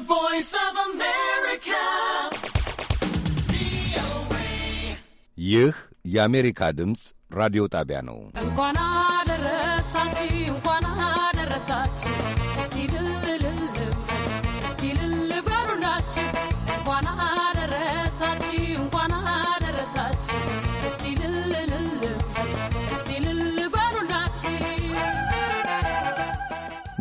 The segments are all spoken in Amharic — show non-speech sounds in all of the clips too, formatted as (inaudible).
The voice of America. ይህ የአሜሪካ ድምፅ ራዲዮ ጣቢያ ነው። እንኳን አደረሳችሁ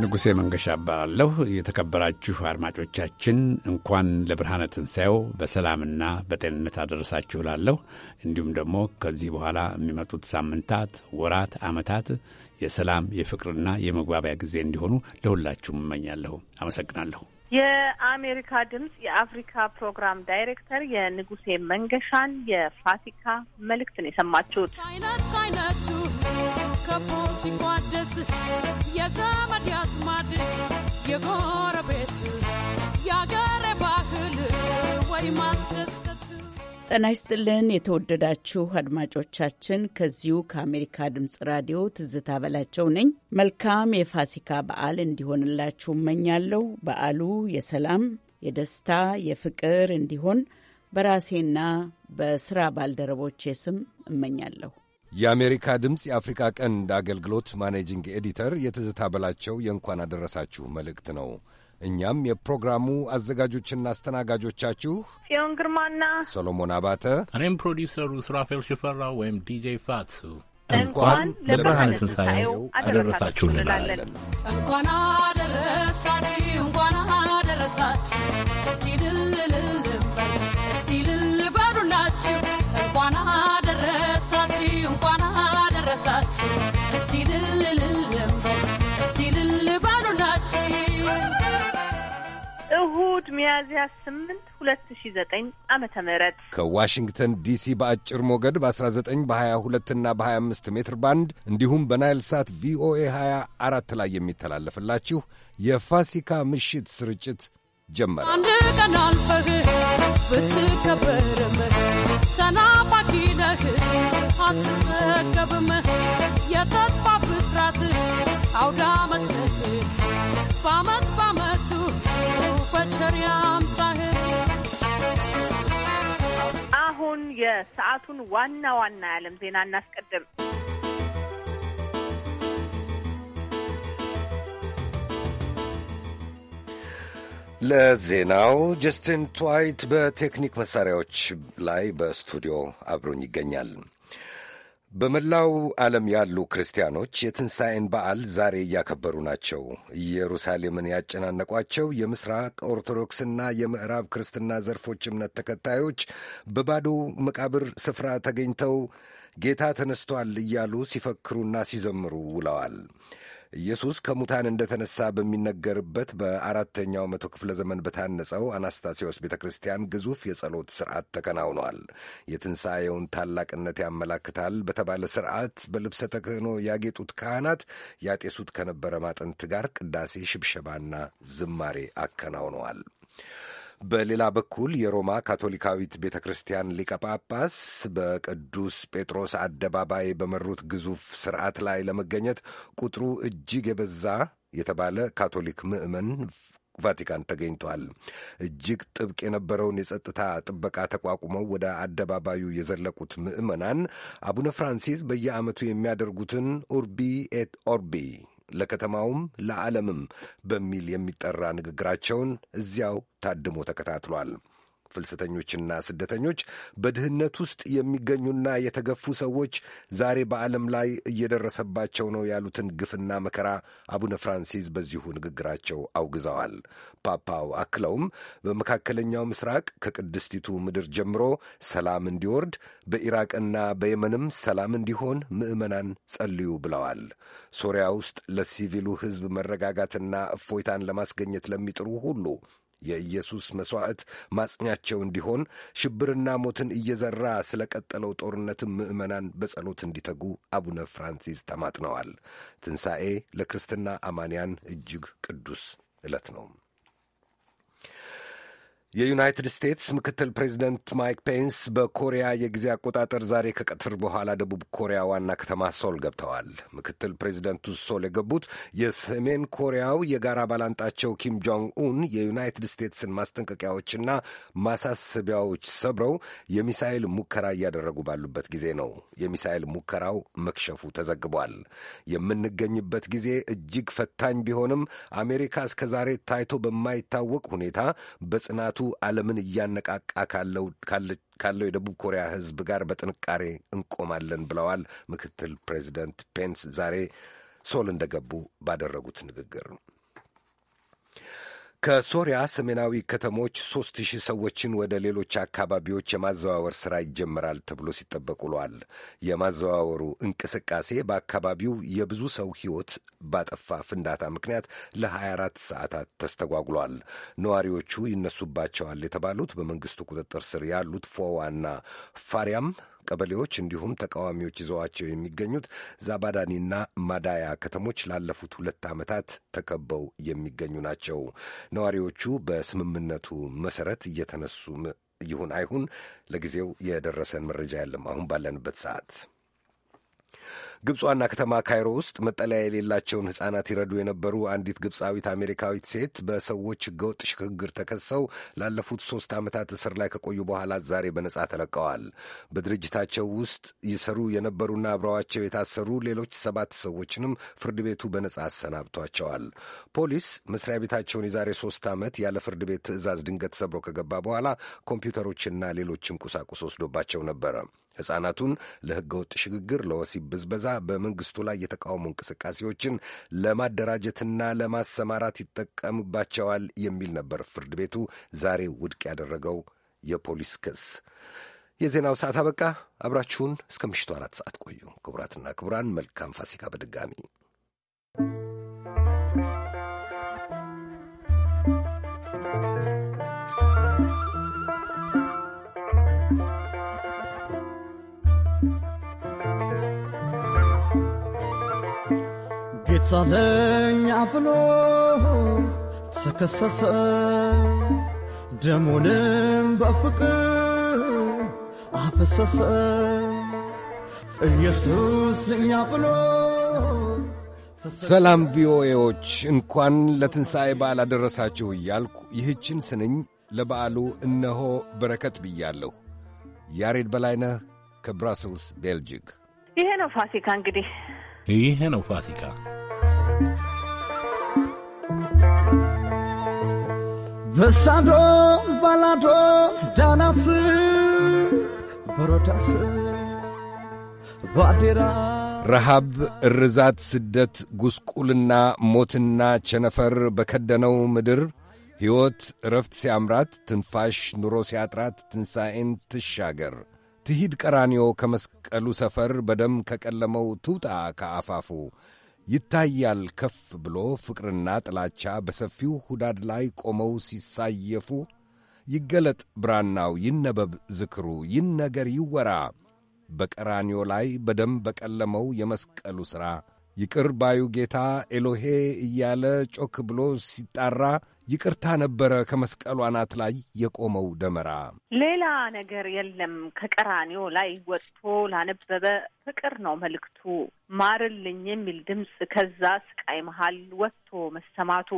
ንጉሴ መንገሻ እባላለሁ። የተከበራችሁ አድማጮቻችን እንኳን ለብርሃነ ትንሣኤው በሰላምና በጤንነት አደረሳችሁ እላለሁ። እንዲሁም ደግሞ ከዚህ በኋላ የሚመጡት ሳምንታት፣ ወራት፣ ዓመታት የሰላም የፍቅርና የመግባቢያ ጊዜ እንዲሆኑ ለሁላችሁም እመኛለሁ። አመሰግናለሁ። የአሜሪካ ድምጽ የአፍሪካ ፕሮግራም ዳይሬክተር የንጉሴ መንገሻን የፋሲካ መልእክትን የሰማችሁት። ከአይነት ከአይነቱ ከቦ ሲቋደስ የዘመድ ያዝማድ የጎረቤት የአገር ባህል ወይ ማስደሰት ጤና ይስጥልን የተወደዳችሁ አድማጮቻችን፣ ከዚሁ ከአሜሪካ ድምፅ ራዲዮ ትዝታ በላቸው ነኝ። መልካም የፋሲካ በዓል እንዲሆንላችሁ እመኛለሁ። በዓሉ የሰላም፣ የደስታ፣ የፍቅር እንዲሆን በራሴና በስራ ባልደረቦቼ ስም እመኛለሁ። የአሜሪካ ድምፅ የአፍሪካ ቀንድ አገልግሎት ማኔጂንግ ኤዲተር የትዝታ በላቸው የእንኳን አደረሳችሁ መልእክት ነው። እኛም የፕሮግራሙ አዘጋጆችና አስተናጋጆቻችሁ ጽዮን ግርማና ሰሎሞን አባተ፣ እኔም ፕሮዲውሰሩ ስራፌል ሽፈራው ወይም ዲጄ ፋቱ እንኳን ለብርሃነ ትንሣኤው አደረሳችሁ እንላለን። እንኳን አደረሳችሁ፣ እንኳን አደረሳችሁ። እስቲ ልልልልበል፣ እስቲ ልል ልልበሉላችሁ። እንኳን አደረሳችሁ፣ እንኳን አደረሳችሁ። እስቲ ልልልል እሁድ ሚያዝያ ስምንት ሁለት ሺ ዘጠኝ ዓመተ ምህረት ከዋሽንግተን ዲሲ በአጭር ሞገድ በአስራ ዘጠኝ በሀያ ሁለት ና በሀያ አምስት ሜትር ባንድ እንዲሁም በናይል ሳት ቪኦኤ ሀያ አራት ላይ የሚተላለፍላችሁ የፋሲካ ምሽት ስርጭት ጀመረ። አንድ ቀን አልፈህ ብትከበርም ተናፋቂ ነህ አትጠገብም። የተስፋ ብስራት አውዳመት በአመት አሁን የሰዓቱን ዋና ዋና የዓለም ዜና እናስቀድም። ለዜናው ጀስቲን ትዋይት በቴክኒክ መሳሪያዎች ላይ በስቱዲዮ አብሮኝ ይገኛል። በመላው ዓለም ያሉ ክርስቲያኖች የትንሣኤን በዓል ዛሬ እያከበሩ ናቸው። ኢየሩሳሌምን ያጨናነቋቸው የምስራቅ ኦርቶዶክስና የምዕራብ ክርስትና ዘርፎች እምነት ተከታዮች በባዶ መቃብር ስፍራ ተገኝተው ጌታ ተነስቷል እያሉ ሲፈክሩና ሲዘምሩ ውለዋል። ኢየሱስ ከሙታን እንደተነሳ በሚነገርበት በአራተኛው መቶ ክፍለ ዘመን በታነጸው አናስታሲዎስ ቤተ ክርስቲያን ግዙፍ የጸሎት ስርዓት ተከናውኗል። የትንሣኤውን ታላቅነት ያመላክታል በተባለ ስርዓት በልብሰ ተክህኖ ያጌጡት ካህናት ያጤሱት ከነበረ ማጠንት ጋር ቅዳሴ፣ ሽብሸባና ዝማሬ አከናውነዋል። በሌላ በኩል የሮማ ካቶሊካዊት ቤተ ክርስቲያን ሊቀ ጳጳስ በቅዱስ ጴጥሮስ አደባባይ በመሩት ግዙፍ ስርዓት ላይ ለመገኘት ቁጥሩ እጅግ የበዛ የተባለ ካቶሊክ ምዕመን ቫቲካን ተገኝቷል። እጅግ ጥብቅ የነበረውን የጸጥታ ጥበቃ ተቋቁመው ወደ አደባባዩ የዘለቁት ምዕመናን አቡነ ፍራንሲስ በየዓመቱ የሚያደርጉትን ኡርቢ ኤት ኦርቢ ለከተማውም ለዓለምም በሚል የሚጠራ ንግግራቸውን እዚያው ታድሞ ተከታትሏል። ፍልሰተኞችና ስደተኞች፣ በድህነት ውስጥ የሚገኙና የተገፉ ሰዎች ዛሬ በዓለም ላይ እየደረሰባቸው ነው ያሉትን ግፍና መከራ አቡነ ፍራንሲስ በዚሁ ንግግራቸው አውግዘዋል። ፓፓው አክለውም በመካከለኛው ምስራቅ ከቅድስቲቱ ምድር ጀምሮ ሰላም እንዲወርድ፣ በኢራቅና በየመንም ሰላም እንዲሆን ምዕመናን ጸልዩ ብለዋል። ሶሪያ ውስጥ ለሲቪሉ ሕዝብ መረጋጋትና እፎይታን ለማስገኘት ለሚጥሩ ሁሉ የኢየሱስ መሥዋዕት ማጽኛቸው እንዲሆን ሽብርና ሞትን እየዘራ ስለ ቀጠለው ጦርነትም ምዕመናን በጸሎት እንዲተጉ አቡነ ፍራንሲስ ተማጥነዋል። ትንሣኤ ለክርስትና አማንያን እጅግ ቅዱስ ዕለት ነው። የዩናይትድ ስቴትስ ምክትል ፕሬዚደንት ማይክ ፔንስ በኮሪያ የጊዜ አቆጣጠር ዛሬ ከቀትር በኋላ ደቡብ ኮሪያ ዋና ከተማ ሶል ገብተዋል። ምክትል ፕሬዚደንቱ ሶል የገቡት የሰሜን ኮሪያው የጋራ ባላንጣቸው ኪም ጆንግ ኡን የዩናይትድ ስቴትስን ማስጠንቀቂያዎችና ማሳሰቢያዎች ሰብረው የሚሳይል ሙከራ እያደረጉ ባሉበት ጊዜ ነው። የሚሳይል ሙከራው መክሸፉ ተዘግቧል። የምንገኝበት ጊዜ እጅግ ፈታኝ ቢሆንም አሜሪካ እስከዛሬ ታይቶ በማይታወቅ ሁኔታ በጽናቱ ጦርነቱ ዓለምን እያነቃቃ ካለው የደቡብ ኮሪያ ሕዝብ ጋር በጥንካሬ እንቆማለን ብለዋል። ምክትል ፕሬዚደንት ፔንስ ዛሬ ሶል እንደገቡ ባደረጉት ንግግር ከሶሪያ ሰሜናዊ ከተሞች ሦስት ሺህ ሰዎችን ወደ ሌሎች አካባቢዎች የማዘዋወር ሥራ ይጀመራል ተብሎ ሲጠበቅ ውሏል። የማዘዋወሩ እንቅስቃሴ በአካባቢው የብዙ ሰው ሕይወት ባጠፋ ፍንዳታ ምክንያት ለ24 ሰዓታት ተስተጓጉሏል። ነዋሪዎቹ ይነሱባቸዋል የተባሉት በመንግሥቱ ቁጥጥር ስር ያሉት ፎዋና ፋሪያም ቀበሌዎች እንዲሁም ተቃዋሚዎች ይዘዋቸው የሚገኙት ዛባዳኒና ማዳያ ከተሞች ላለፉት ሁለት ዓመታት ተከበው የሚገኙ ናቸው። ነዋሪዎቹ በስምምነቱ መሰረት እየተነሱ ይሁን አይሁን ለጊዜው የደረሰን መረጃ የለም አሁን ባለንበት ሰዓት ግብፅ ዋና ከተማ ካይሮ ውስጥ መጠለያ የሌላቸውን ህጻናት ይረዱ የነበሩ አንዲት ግብፃዊት አሜሪካዊት ሴት በሰዎች ህገወጥ ሽግግር ተከሰው ላለፉት ሶስት ዓመታት እስር ላይ ከቆዩ በኋላ ዛሬ በነጻ ተለቀዋል። በድርጅታቸው ውስጥ ይሰሩ የነበሩና አብረዋቸው የታሰሩ ሌሎች ሰባት ሰዎችንም ፍርድ ቤቱ በነጻ አሰናብቷቸዋል። ፖሊስ መስሪያ ቤታቸውን የዛሬ ሶስት ዓመት ያለ ፍርድ ቤት ትዕዛዝ ድንገት ሰብሮ ከገባ በኋላ ኮምፒውተሮችና ሌሎችም ቁሳቁስ ወስዶባቸው ነበረ። ሕፃናቱን ለሕገወጥ ሽግግር፣ ለወሲብ ብዝበዛ፣ በመንግስቱ ላይ የተቃውሞ እንቅስቃሴዎችን ለማደራጀትና ለማሰማራት ይጠቀምባቸዋል የሚል ነበር ፍርድ ቤቱ ዛሬ ውድቅ ያደረገው የፖሊስ ክስ። የዜናው ሰዓት አበቃ። አብራችሁን እስከ ምሽቱ አራት ሰዓት ቆዩ። ክቡራትና ክቡራን መልካም ፋሲካ በድጋሚ ሳለኝ ብሎ ተከሰሰ ደሙንም በፍቅር አፈሰሰ ኢየሱስ ለእኛ ብሎ ሰላም ቪኦኤዎች፣ እንኳን ለትንሣኤ በዓል አደረሳችሁ እያልኩ ይህችን ስንኝ ለበዓሉ እነሆ በረከት ብያለሁ። ያሬድ በላይነህ ከብራስልስ ቤልጅግ። ይሄ ነው ፋሲካ እንግዲህ ይሄ ነው ፋሲካ። በሳዶ ባላዶ ዳናት በሮዳስ ባዴራ ረሃብ፣ እርዛት፣ ስደት፣ ጉስቁልና፣ ሞትና ቸነፈር በከደነው ምድር ሕይወት ዕረፍት ሲያምራት፣ ትንፋሽ ኑሮ ሲያጥራት፣ ትንሣኤን ትሻገር ትሂድ ቀራንዮ ከመስቀሉ ሰፈር በደም ከቀለመው ትውጣ ከአፋፉ ይታያል ከፍ ብሎ ፍቅርና ጥላቻ በሰፊው ሁዳድ ላይ ቆመው ሲሳየፉ ይገለጥ ብራናው፣ ይነበብ ዝክሩ፣ ይነገር ይወራ በቀራኒዮ ላይ በደም በቀለመው የመስቀሉ ሥራ ይቅር ባዩ ጌታ ኤሎሄ እያለ ጮክ ብሎ ሲጣራ ይቅርታ ነበረ ከመስቀሉ አናት ላይ የቆመው ደመራ። ሌላ ነገር የለም። ከቀራኔው ላይ ወጥቶ ላነበበ ፍቅር ነው መልእክቱ። ማርልኝ የሚል ድምፅ ከዛ ስቃይ መሃል ወጥቶ መሰማቱ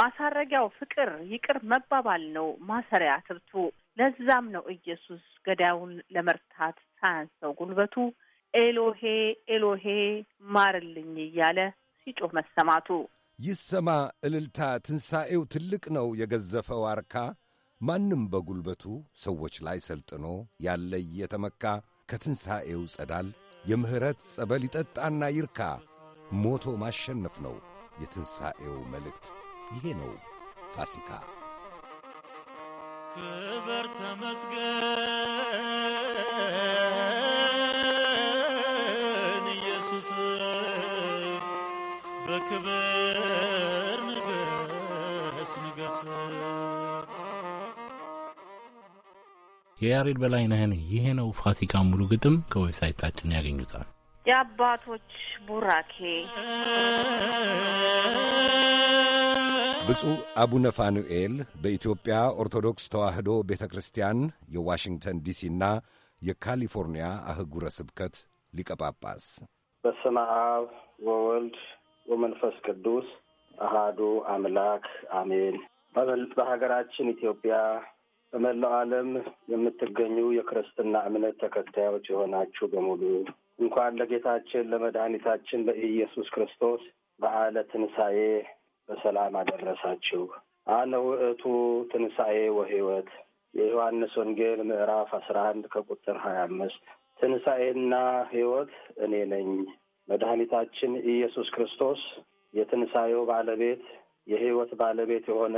ማሳረጊያው ፍቅር ይቅር መባባል ነው ማሰሪያ ትብቱ። ለዛም ነው ኢየሱስ ገዳዩን ለመርታት ሳያንሰው ጉልበቱ ኤሎሄ ኤሎሄ ማርልኝ እያለ ሲጮህ መሰማቱ ይሰማ እልልታ። ትንሣኤው ትልቅ ነው የገዘፈው አርካ ማንም በጉልበቱ ሰዎች ላይ ሰልጥኖ ያለ እየተመካ ከትንሣኤው ጸዳል የምሕረት ጸበል ይጠጣና ይርካ። ሞቶ ማሸነፍ ነው የትንሣኤው መልእክት። ይሄ ነው ፋሲካ። ክበር ተመስገን በክብር ንገስ ንገስ። የያሬድ በላይነህን ይሄ ነው ፋሲካ ሙሉ ግጥም ከዌብሳይታችን ያገኙታል። የአባቶች ቡራኬ ብፁዕ አቡነ ፋኑኤል በኢትዮጵያ ኦርቶዶክስ ተዋሕዶ ቤተ ክርስቲያን የዋሽንግተን ዲሲና የካሊፎርኒያ አህጉረ ስብከት ሊቀጳጳስ በስመ አብ ወወልድ ወመንፈስ ቅዱስ አሃዱ አምላክ አሜን። በሀገራችን ኢትዮጵያ በመላው ዓለም የምትገኙ የክርስትና እምነት ተከታዮች የሆናችሁ በሙሉ እንኳን ለጌታችን ለመድኃኒታችን ለኢየሱስ ክርስቶስ በዓለ ትንሣኤ በሰላም አደረሳችሁ። አነ ውእቱ ትንሣኤ ወሕይወት የዮሐንስ ወንጌል ምዕራፍ አስራ አንድ ከቁጥር ሀያ አምስት ትንሣኤና ሕይወት እኔ ነኝ መድኃኒታችን ኢየሱስ ክርስቶስ የትንሣኤው ባለቤት የሕይወት ባለቤት የሆነ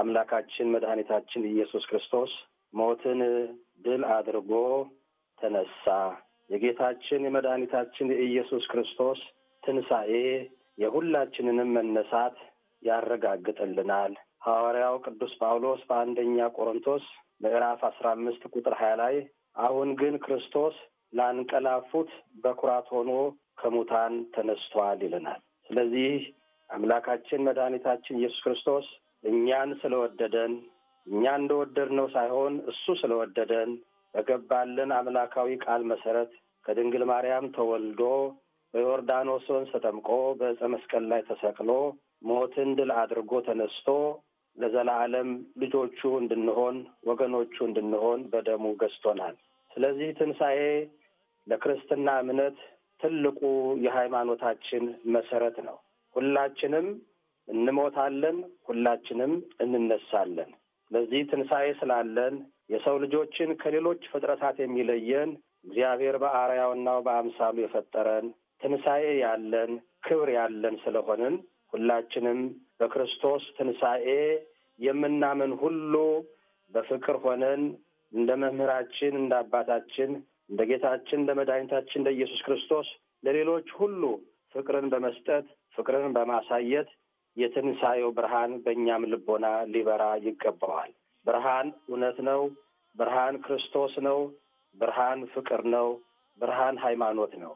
አምላካችን መድኃኒታችን ኢየሱስ ክርስቶስ ሞትን ድል አድርጎ ተነሳ። የጌታችን የመድኃኒታችን የኢየሱስ ክርስቶስ ትንሣኤ የሁላችንንም መነሳት ያረጋግጥልናል። ሐዋርያው ቅዱስ ጳውሎስ በአንደኛ ቆሮንቶስ ምዕራፍ አስራ አምስት ቁጥር ሀያ ላይ አሁን ግን ክርስቶስ ላንቀላፉት በኩራት ሆኖ ከሙታን ተነስቷል ይለናል። ስለዚህ አምላካችን መድኃኒታችን ኢየሱስ ክርስቶስ እኛን ስለወደደን እኛ እንደወደድነው ሳይሆን እሱ ስለወደደን በገባልን አምላካዊ ቃል መሰረት ከድንግል ማርያም ተወልዶ በዮርዳኖስ ወንዝ ተጠምቆ በዕፀ መስቀል ላይ ተሰቅሎ ሞትን ድል አድርጎ ተነስቶ ለዘላለም ልጆቹ እንድንሆን ወገኖቹ እንድንሆን በደሙ ገዝቶናል። ስለዚህ ትንሣኤ ለክርስትና እምነት ትልቁ የሃይማኖታችን መሰረት ነው። ሁላችንም እንሞታለን፣ ሁላችንም እንነሳለን። ለዚህ ትንሣኤ ስላለን የሰው ልጆችን ከሌሎች ፍጥረታት የሚለየን እግዚአብሔር በአርያውናው በአምሳሉ የፈጠረን ትንሣኤ ያለን ክብር ያለን ስለሆንን ሁላችንም በክርስቶስ ትንሣኤ የምናምን ሁሉ በፍቅር ሆነን እንደ መምህራችን እንደ አባታችን እንደ ጌታችን እንደ መድኃኒታችን እንደ ኢየሱስ ክርስቶስ ለሌሎች ሁሉ ፍቅርን በመስጠት ፍቅርን በማሳየት የትንሣኤው ብርሃን በእኛም ልቦና ሊበራ ይገባዋል። ብርሃን እውነት ነው። ብርሃን ክርስቶስ ነው። ብርሃን ፍቅር ነው። ብርሃን ሃይማኖት ነው።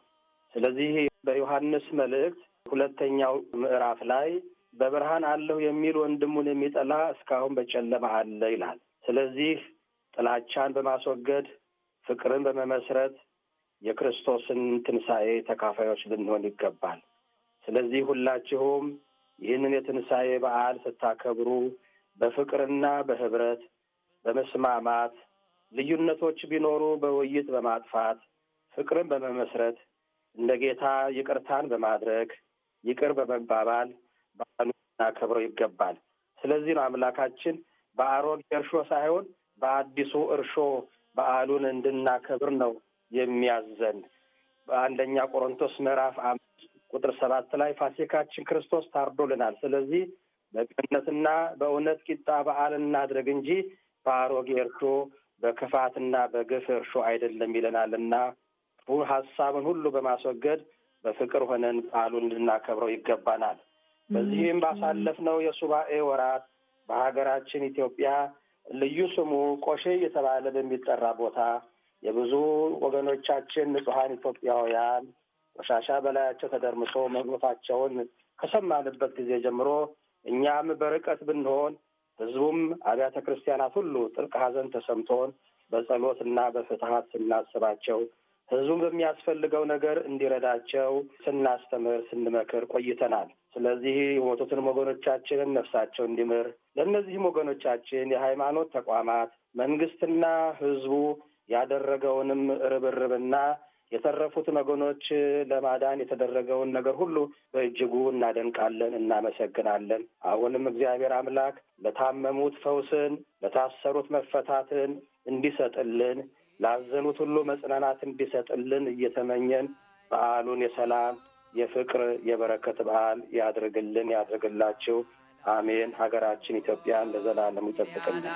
ስለዚህ በዮሐንስ መልእክት ሁለተኛው ምዕራፍ ላይ በብርሃን አለሁ የሚል ወንድሙን የሚጠላ እስካሁን በጨለማ አለ ይላል። ስለዚህ ጥላቻን በማስወገድ ፍቅርን በመመስረት የክርስቶስን ትንሣኤ ተካፋዮች ልንሆን ይገባል። ስለዚህ ሁላችሁም ይህንን የትንሣኤ በዓል ስታከብሩ በፍቅርና በህብረት በመስማማት ልዩነቶች ቢኖሩ በውይይት በማጥፋት ፍቅርን በመመስረት እንደ ጌታ ይቅርታን በማድረግ ይቅር በመባባል በዓሉን እናከብረው ይገባል። ስለዚህ ነው አምላካችን በአሮጌ እርሾ ሳይሆን በአዲሱ እርሾ በዓሉን እንድናከብር ነው የሚያዘን። በአንደኛ ቆሮንቶስ ምዕራፍ አምስት ቁጥር ሰባት ላይ ፋሲካችን ክርስቶስ ታርዶልናል፣ ስለዚህ በቅንነትና በእውነት ቂጣ በዓል እናድረግ እንጂ በአሮጌ እርሾ በክፋትና በግፍ እርሾ አይደለም ይለናል እና ሀሳብን ሁሉ በማስወገድ በፍቅር ሆነን በዓሉን እንድናከብረው ይገባናል። በዚህም ባሳለፍነው የሱባኤ ወራት በሀገራችን ኢትዮጵያ ልዩ ስሙ ቆሼ እየተባለ በሚጠራ ቦታ የብዙ ወገኖቻችን ንጹሐን ኢትዮጵያውያን ቆሻሻ በላያቸው ተደርምሶ መግባታቸውን ከሰማንበት ጊዜ ጀምሮ እኛም በርቀት ብንሆን ህዝቡም አብያተ ክርስቲያናት ሁሉ ጥልቅ ሐዘን ተሰምቶን በጸሎት እና በፍትሐት ስናስባቸው ህዝቡም በሚያስፈልገው ነገር እንዲረዳቸው ስናስተምር ስንመክር ቆይተናል። ስለዚህ የሞቱትን ወገኖቻችንን ነፍሳቸው እንዲምር ለእነዚህም ወገኖቻችን የሃይማኖት ተቋማት መንግስትና ህዝቡ ያደረገውንም ርብርብና የተረፉት ወገኖች ለማዳን የተደረገውን ነገር ሁሉ በእጅጉ እናደንቃለን፣ እናመሰግናለን። አሁንም እግዚአብሔር አምላክ ለታመሙት ፈውስን፣ ለታሰሩት መፈታትን እንዲሰጥልን ላዘኑት ሁሉ መጽናናት እንዲሰጥልን እየተመኘን በዓሉን የሰላም የፍቅር፣ የበረከት በዓል ያድርግልን፣ ያድርግላችሁ። አሜን። ሀገራችን ኢትዮጵያን ለዘላለም ይጠብቅልን።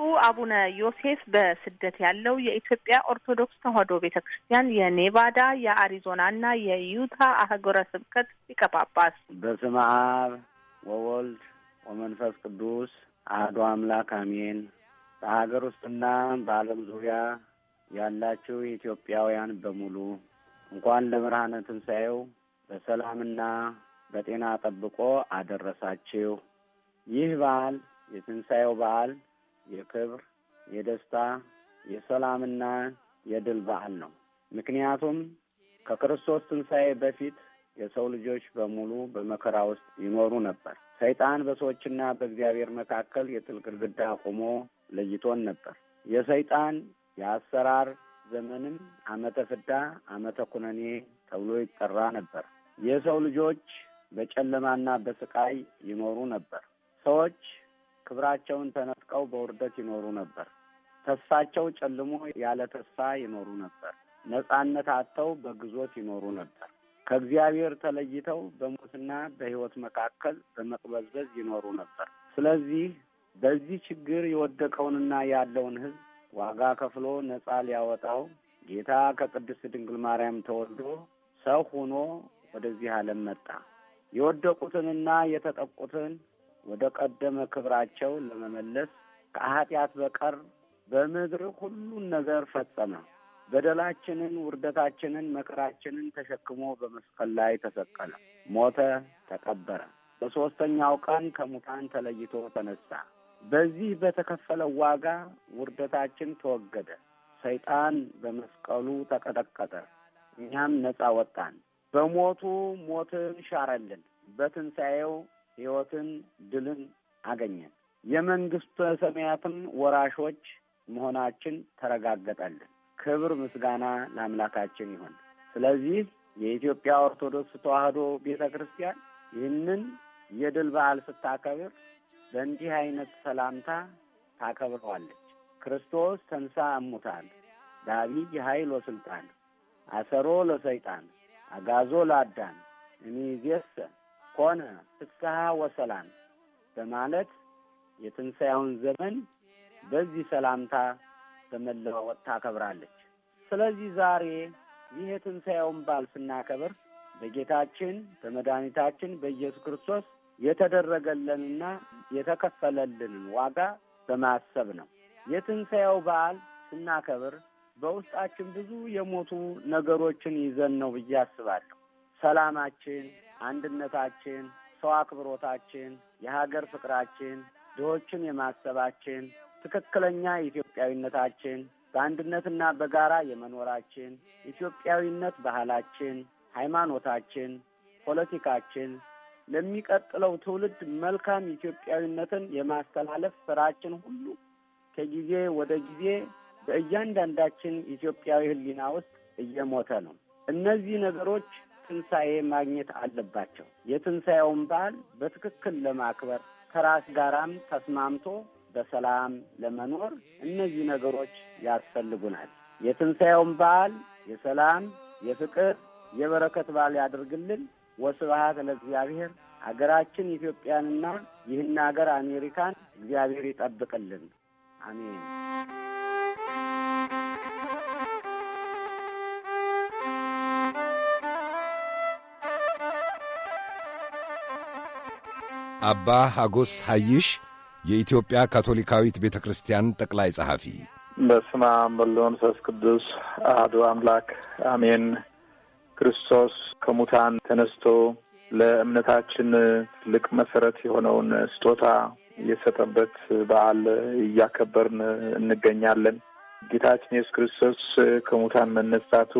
ብፁዕ አቡነ ዮሴፍ በስደት ያለው የኢትዮጵያ ኦርቶዶክስ ተዋሕዶ ቤተ ክርስቲያን የኔቫዳ የአሪዞና እና የዩታ አህጉረ ስብከት ሊቀ ጳጳስ። በስመ አብ ወወልድ ወመንፈስ ቅዱስ አሐዱ አምላክ አሜን። በሀገር ውስጥና በዓለም ዙሪያ ያላችሁ ኢትዮጵያውያን በሙሉ እንኳን ለብርሃነ ትንሣኤው በሰላምና በጤና ጠብቆ አደረሳችሁ። ይህ በዓል የትንሣኤው በዓል የክብር፣ የደስታ፣ የሰላምና የድል በዓል ነው። ምክንያቱም ከክርስቶስ ትንሣኤ በፊት የሰው ልጆች በሙሉ በመከራ ውስጥ ይኖሩ ነበር። ሰይጣን በሰዎችና በእግዚአብሔር መካከል የጥል ግድግዳ ቆሞ ለይቶን ነበር። የሰይጣን የአሰራር ዘመንም ዓመተ ፍዳ፣ ዓመተ ኩነኔ ተብሎ ይጠራ ነበር። የሰው ልጆች በጨለማና በስቃይ ይኖሩ ነበር። ሰዎች ክብራቸውን ተነጥቀው በውርደት ይኖሩ ነበር። ተስፋቸው ጨልሞ ያለ ተስፋ ይኖሩ ነበር። ነጻነት አጥተው በግዞት ይኖሩ ነበር። ከእግዚአብሔር ተለይተው በሞትና በሕይወት መካከል በመቅበዝበዝ ይኖሩ ነበር። ስለዚህ በዚህ ችግር የወደቀውንና ያለውን ሕዝብ ዋጋ ከፍሎ ነጻ ሊያወጣው ጌታ ከቅድስት ድንግል ማርያም ተወልዶ ሰው ሆኖ ወደዚህ ዓለም መጣ። የወደቁትንና የተጠቁትን ወደ ቀደመ ክብራቸው ለመመለስ ከኃጢአት በቀር በምድር ሁሉን ነገር ፈጸመ። በደላችንን፣ ውርደታችንን፣ መከራችንን ተሸክሞ በመስቀል ላይ ተሰቀለ፣ ሞተ፣ ተቀበረ። በሦስተኛው ቀን ከሙታን ተለይቶ ተነሳ። በዚህ በተከፈለው ዋጋ ውርደታችን ተወገደ። ሰይጣን በመስቀሉ ተቀጠቀጠ፣ እኛም ነፃ ወጣን። በሞቱ ሞትን ሻረልን፣ በትንሣኤው ሕይወትን፣ ድልን አገኘን። የመንግስት ሰማያትም ወራሾች መሆናችን ተረጋገጠልን። ክብር ምስጋና ለአምላካችን ይሁን። ስለዚህ የኢትዮጵያ ኦርቶዶክስ ተዋሕዶ ቤተ ክርስቲያን ይህንን የድል በዓል ስታከብር በእንዲህ አይነት ሰላምታ ታከብረዋለች። ክርስቶስ ተንሳ እሙታን ዳቢይ ኃይል ወስልጣን አሰሮ ለሰይጣን አጋዞ ለአዳም እኒዜሰ ኮነ ፍስሐ ወሰላም በማለት የትንሣኤውን ዘመን በዚህ ሰላምታ በመለዋወጥ ታከብራለች። ስለዚህ ዛሬ ይህ የትንሣኤውን በዓል ስናከብር በጌታችን በመድኃኒታችን በኢየሱስ ክርስቶስ የተደረገልንና የተከፈለልንን ዋጋ በማሰብ ነው። የትንሣኤው በዓል ስናከብር በውስጣችን ብዙ የሞቱ ነገሮችን ይዘን ነው ብዬ አስባለሁ። ሰላማችን አንድነታችን፣ ሰው አክብሮታችን፣ የሀገር ፍቅራችን፣ ድሆችን የማሰባችን፣ ትክክለኛ ኢትዮጵያዊነታችን፣ በአንድነትና በጋራ የመኖራችን፣ ኢትዮጵያዊነት ባህላችን፣ ሃይማኖታችን፣ ፖለቲካችን ለሚቀጥለው ትውልድ መልካም ኢትዮጵያዊነትን የማስተላለፍ ስራችን ሁሉ ከጊዜ ወደ ጊዜ በእያንዳንዳችን ኢትዮጵያዊ ሕሊና ውስጥ እየሞተ ነው። እነዚህ ነገሮች ትንሣኤ ማግኘት አለባቸው። የትንሣኤውን በዓል በትክክል ለማክበር ከራስ ጋራም ተስማምቶ በሰላም ለመኖር እነዚህ ነገሮች ያስፈልጉናል። የትንሣኤውን በዓል የሰላም፣ የፍቅር፣ የበረከት በዓል ያድርግልን። ወስብሐት ለእግዚአብሔር። አገራችን ኢትዮጵያንና ይህን አገር አሜሪካን እግዚአብሔር ይጠብቅልን። አሜን። አባ ሐጎስ ሐይሽ የኢትዮጵያ ካቶሊካዊት ቤተ ክርስቲያን ጠቅላይ ጸሐፊ። በስመ አብ ወወልድ ወመንፈስ ቅዱስ አሐዱ አምላክ አሜን። ክርስቶስ ከሙታን ተነስቶ ለእምነታችን ትልቅ መሰረት የሆነውን ስጦታ የሰጠበት በዓል እያከበርን እንገኛለን። ጌታችን ኢየሱስ ክርስቶስ ከሙታን መነሳቱ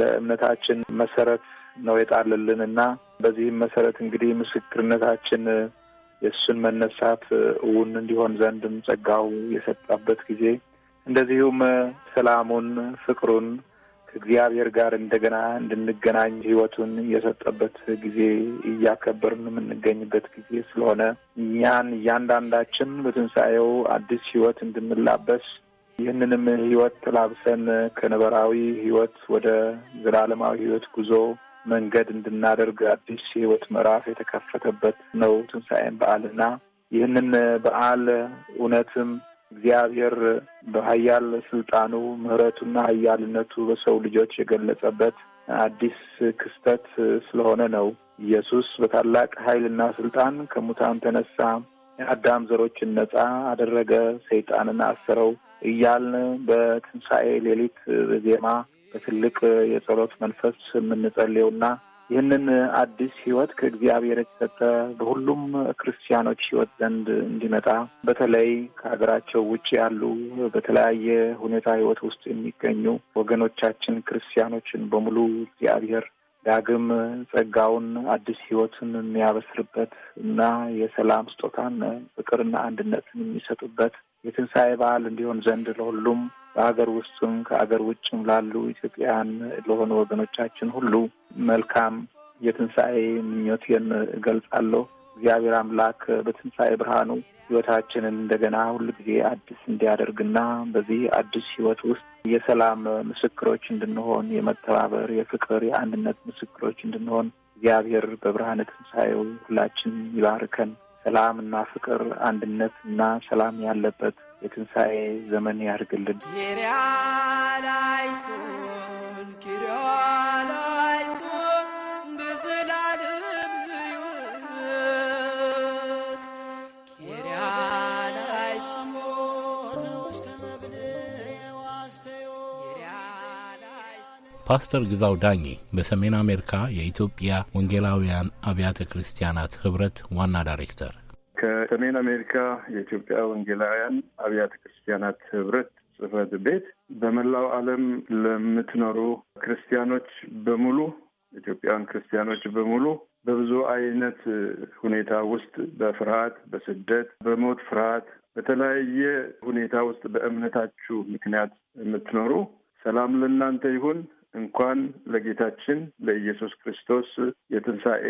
ለእምነታችን መሰረት ነው የጣልልን እና በዚህም መሰረት እንግዲህ ምስክርነታችን የእሱን መነሳት እውን እንዲሆን ዘንድም ጸጋው የሰጣበት ጊዜ እንደዚሁም ሰላሙን፣ ፍቅሩን ከእግዚአብሔር ጋር እንደገና እንድንገናኝ ሕይወቱን የሰጠበት ጊዜ እያከበርን የምንገኝበት ጊዜ ስለሆነ እኛን እያንዳንዳችን በትንሣኤው አዲስ ሕይወት እንድንላበስ ይህንንም ሕይወት ተላብሰን ከነበራዊ ሕይወት ወደ ዘላለማዊ ሕይወት ጉዞ መንገድ እንድናደርግ አዲስ የህይወት ምዕራፍ የተከፈተበት ነው ትንሣኤን በዓልና ይህንን በዓል እውነትም እግዚአብሔር በሀያል ስልጣኑ ምሕረቱና ሀያልነቱ በሰው ልጆች የገለጸበት አዲስ ክስተት ስለሆነ ነው። ኢየሱስ በታላቅ ኃይልና ስልጣን ከሙታን ተነሳ፣ የአዳም ዘሮችን ነፃ አደረገ፣ ሰይጣንን አሰረው እያልን በትንሣኤ ሌሊት በዜማ በትልቅ የጸሎት መንፈስ የምንጸልየውና ይህንን አዲስ ህይወት ከእግዚአብሔር የተሰጠ በሁሉም ክርስቲያኖች ህይወት ዘንድ እንዲመጣ በተለይ ከሀገራቸው ውጭ ያሉ በተለያየ ሁኔታ ህይወት ውስጥ የሚገኙ ወገኖቻችን ክርስቲያኖችን በሙሉ እግዚአብሔር ዳግም ጸጋውን አዲስ ህይወትን የሚያበስርበት እና የሰላም ስጦታን ፍቅርና አንድነትን የሚሰጡበት የትንሣኤ በዓል እንዲሆን ዘንድ ለሁሉም በሀገር ውስጥም ከሀገር ውጭም ላሉ ኢትዮጵያን ለሆኑ ወገኖቻችን ሁሉ መልካም የትንሣኤ ምኞቴን እገልጻለሁ። እግዚአብሔር አምላክ በትንሣኤ ብርሃኑ ሕይወታችንን እንደገና ሁል ጊዜ አዲስ እንዲያደርግና በዚህ አዲስ ሕይወት ውስጥ የሰላም ምስክሮች እንድንሆን፣ የመተባበር፣ የፍቅር፣ የአንድነት ምስክሮች እንድንሆን እግዚአብሔር በብርሃነ ትንሣኤው ሁላችን ይባርከን። ሰላም እና ፍቅር፣ አንድነት እና ሰላም ያለበት የትንሣኤ ዘመን ያድርግልን። ፓስተር ግዛው ዳኝ በሰሜን አሜሪካ የኢትዮጵያ ወንጌላውያን አብያተ ክርስቲያናት ህብረት ዋና ዳይሬክተር ከሰሜን አሜሪካ የኢትዮጵያ ወንጌላውያን አብያተ ክርስቲያናት ህብረት ጽህፈት ቤት በመላው ዓለም ለምትኖሩ ክርስቲያኖች በሙሉ ኢትዮጵያውያን ክርስቲያኖች በሙሉ በብዙ አይነት ሁኔታ ውስጥ በፍርሃት፣ በስደት፣ በሞት ፍርሃት በተለያየ ሁኔታ ውስጥ በእምነታችሁ ምክንያት የምትኖሩ ሰላም ለእናንተ ይሁን። እንኳን ለጌታችን ለኢየሱስ ክርስቶስ የትንሣኤ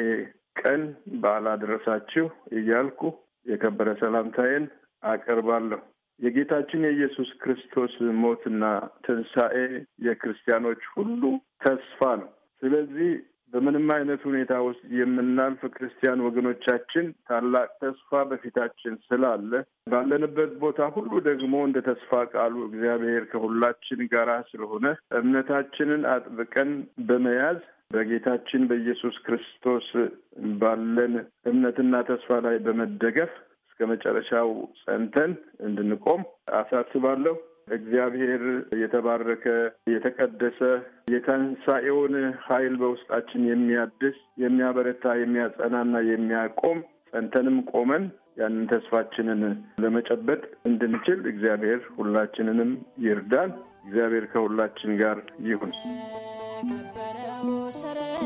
ቀን ባላደረሳችሁ እያልኩ የከበረ ሰላምታዬን አቀርባለሁ። የጌታችን የኢየሱስ ክርስቶስ ሞትና ትንሣኤ የክርስቲያኖች ሁሉ ተስፋ ነው። ስለዚህ በምንም አይነት ሁኔታ ውስጥ የምናልፍ ክርስቲያን ወገኖቻችን ታላቅ ተስፋ በፊታችን ስላለ ባለንበት ቦታ ሁሉ ደግሞ እንደ ተስፋ ቃሉ እግዚአብሔር ከሁላችን ጋር ስለሆነ እምነታችንን አጥብቀን በመያዝ በጌታችን በኢየሱስ ክርስቶስ ባለን እምነትና ተስፋ ላይ በመደገፍ እስከ መጨረሻው ጸንተን እንድንቆም አሳስባለሁ። እግዚአብሔር የተባረከ የተቀደሰ የትንሣኤውን ኃይል በውስጣችን የሚያድስ የሚያበረታ፣ የሚያጸናና የሚያቆም ጸንተንም ቆመን ያንን ተስፋችንን ለመጨበጥ እንድንችል እግዚአብሔር ሁላችንንም ይርዳን። እግዚአብሔር ከሁላችን ጋር ይሁን። የከበረው ሰርግ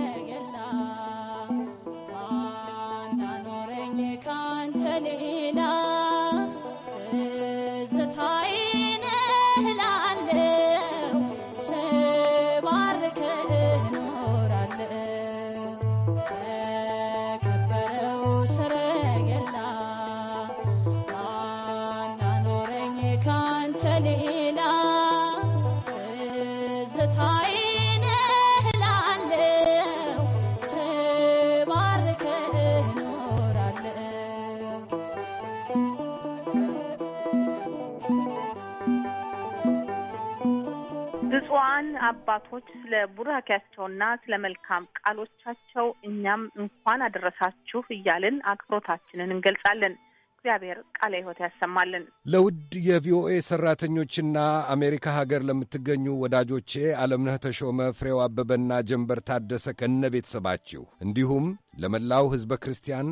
አባቶች ስለ ቡራኪያቸውና ስለ መልካም ቃሎቻቸው እኛም እንኳን አደረሳችሁ እያልን አክብሮታችንን እንገልጻለን። እግዚአብሔር ቃለ ሕይወት ያሰማልን። ለውድ የቪኦኤ ሰራተኞችና አሜሪካ ሀገር ለምትገኙ ወዳጆቼ አለምነህ ተሾመ፣ ፍሬው አበበና ጀንበር ታደሰ ከነ ቤተሰባችሁ እንዲሁም ለመላው ሕዝበ ክርስቲያን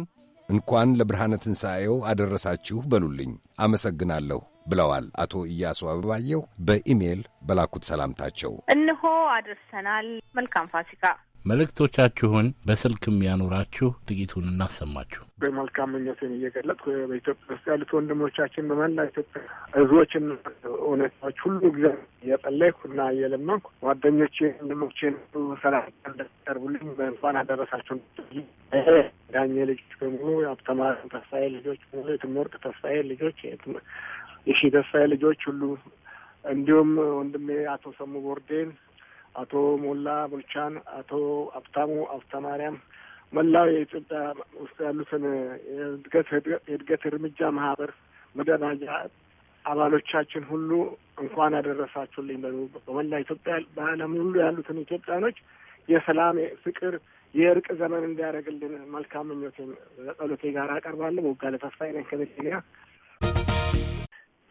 እንኳን ለብርሃነ ትንሣኤው አደረሳችሁ በሉልኝ። አመሰግናለሁ። ብለዋል አቶ እያሱ አበባየው በኢሜይል በላኩት ሰላምታቸው። እንሆ አድርሰናል። መልካም ፋሲካ። መልእክቶቻችሁን በስልክም ያኖራችሁ ጥቂቱን እናሰማችሁ። በመልካም ምኞትን እየገለጽኩ በኢትዮጵያ ውስጥ ያሉት ወንድሞቻችን በመላ ኢትዮጵያ ሕዝቦችና እውነታዎች ሁሉ ጊዜ እየጸለይኩ እና እየለመንኩ ጓደኞቼ፣ ወንድሞቼን ሰላም እንደቀርቡልኝ በእንኳን አደረሳችሁ። ይሄ ዳኜ ልጆች በሙሉ የሀብተማርያም ተስፋዬ ልጆች በሙሉ የትምወርቅ ተስፋዬ ልጆች የሺ ደሳዬ ልጆች ሁሉ እንዲሁም ወንድሜ አቶ ሰሙ ቦርዴን፣ አቶ ሞላ ቡልቻን፣ አቶ አብታሙ አብተማርያም መላው የኢትዮጵያ ውስጥ ያሉትን የእድገት እርምጃ ማህበር መደናጃ አባሎቻችን ሁሉ እንኳን ያደረሳችሁልኝ በሉ። በመላ ኢትዮጵያ በዓለም ሁሉ ያሉትን ኢትዮጵያኖች የሰላም ፍቅር፣ የእርቅ ዘመን እንዲያደርግልን መልካም ምኞቴን ጸሎቴ ጋር አቀርባለሁ። ወጋለ ተስፋዬ ነኝ ከቤልያ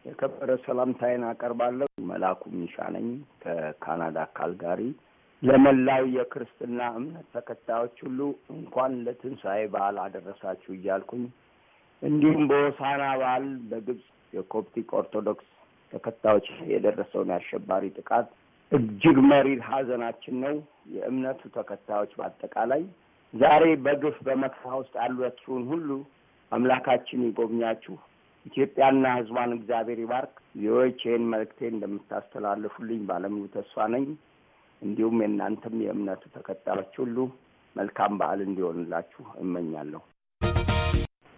የከበረ ሰላምታዬን አቀርባለሁ። መላኩ ሚሻ ነኝ ከካናዳ ካልጋሪ። ለመላው የክርስትና እምነት ተከታዮች ሁሉ እንኳን ለትንሣኤ በዓል አደረሳችሁ እያልኩኝ እንዲሁም በሆሳና በዓል በግብጽ የኮፕቲክ ኦርቶዶክስ ተከታዮች የደረሰውን የአሸባሪ ጥቃት እጅግ መሪር ሐዘናችን ነው። የእምነቱ ተከታዮች በአጠቃላይ ዛሬ በግፍ በመከራ ውስጥ ያሉትን ሁሉ አምላካችን ይጎብኛችሁ፣ ኢትዮጵያና ሕዝቧን እግዚአብሔር ይባርክ። ቪኦኤን መልእክቴ እንደምታስተላልፉልኝ ባለሙሉ ተስፋ ነኝ። እንዲሁም የእናንተም የእምነቱ ተከታዮች ሁሉ መልካም በዓል እንዲሆንላችሁ እመኛለሁ።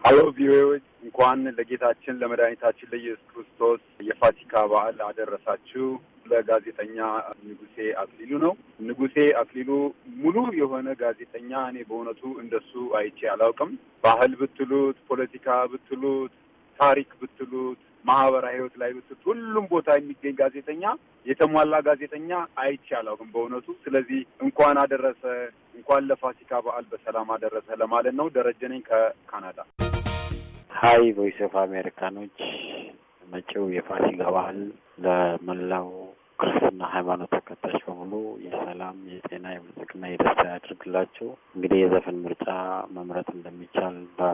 አሎ ቪኦኤዎች እንኳን ለጌታችን ለመድኃኒታችን ለኢየሱስ ክርስቶስ የፋሲካ በዓል አደረሳችሁ። ለጋዜጠኛ ንጉሴ አክሊሉ ነው። ንጉሴ አክሊሉ ሙሉ የሆነ ጋዜጠኛ እኔ በእውነቱ እንደሱ አይቼ አላውቅም። ባህል ብትሉት፣ ፖለቲካ ብትሉት፣ ታሪክ ብትሉት ማህበራዊ ህይወት ላይ ብትሉት ሁሉም ቦታ የሚገኝ ጋዜጠኛ የተሟላ ጋዜጠኛ አይቼ አላውቅም በእውነቱ። ስለዚህ እንኳን አደረሰ እንኳን ለፋሲካ በዓል በሰላም አደረሰ ለማለት ነው። ደረጀ ነኝ ከካናዳ። ሀይ ቮይስ ኦፍ አሜሪካኖች፣ መጪው የፋሲካ በዓል ለመላው ክርስትና ሃይማኖት ተከታዮች በሙሉ የሰላም፣ የጤና፣ የብልጽግና፣ የደስታ ያድርግላቸው። እንግዲህ የዘፈን ምርጫ መምረጥ እንደሚቻል በ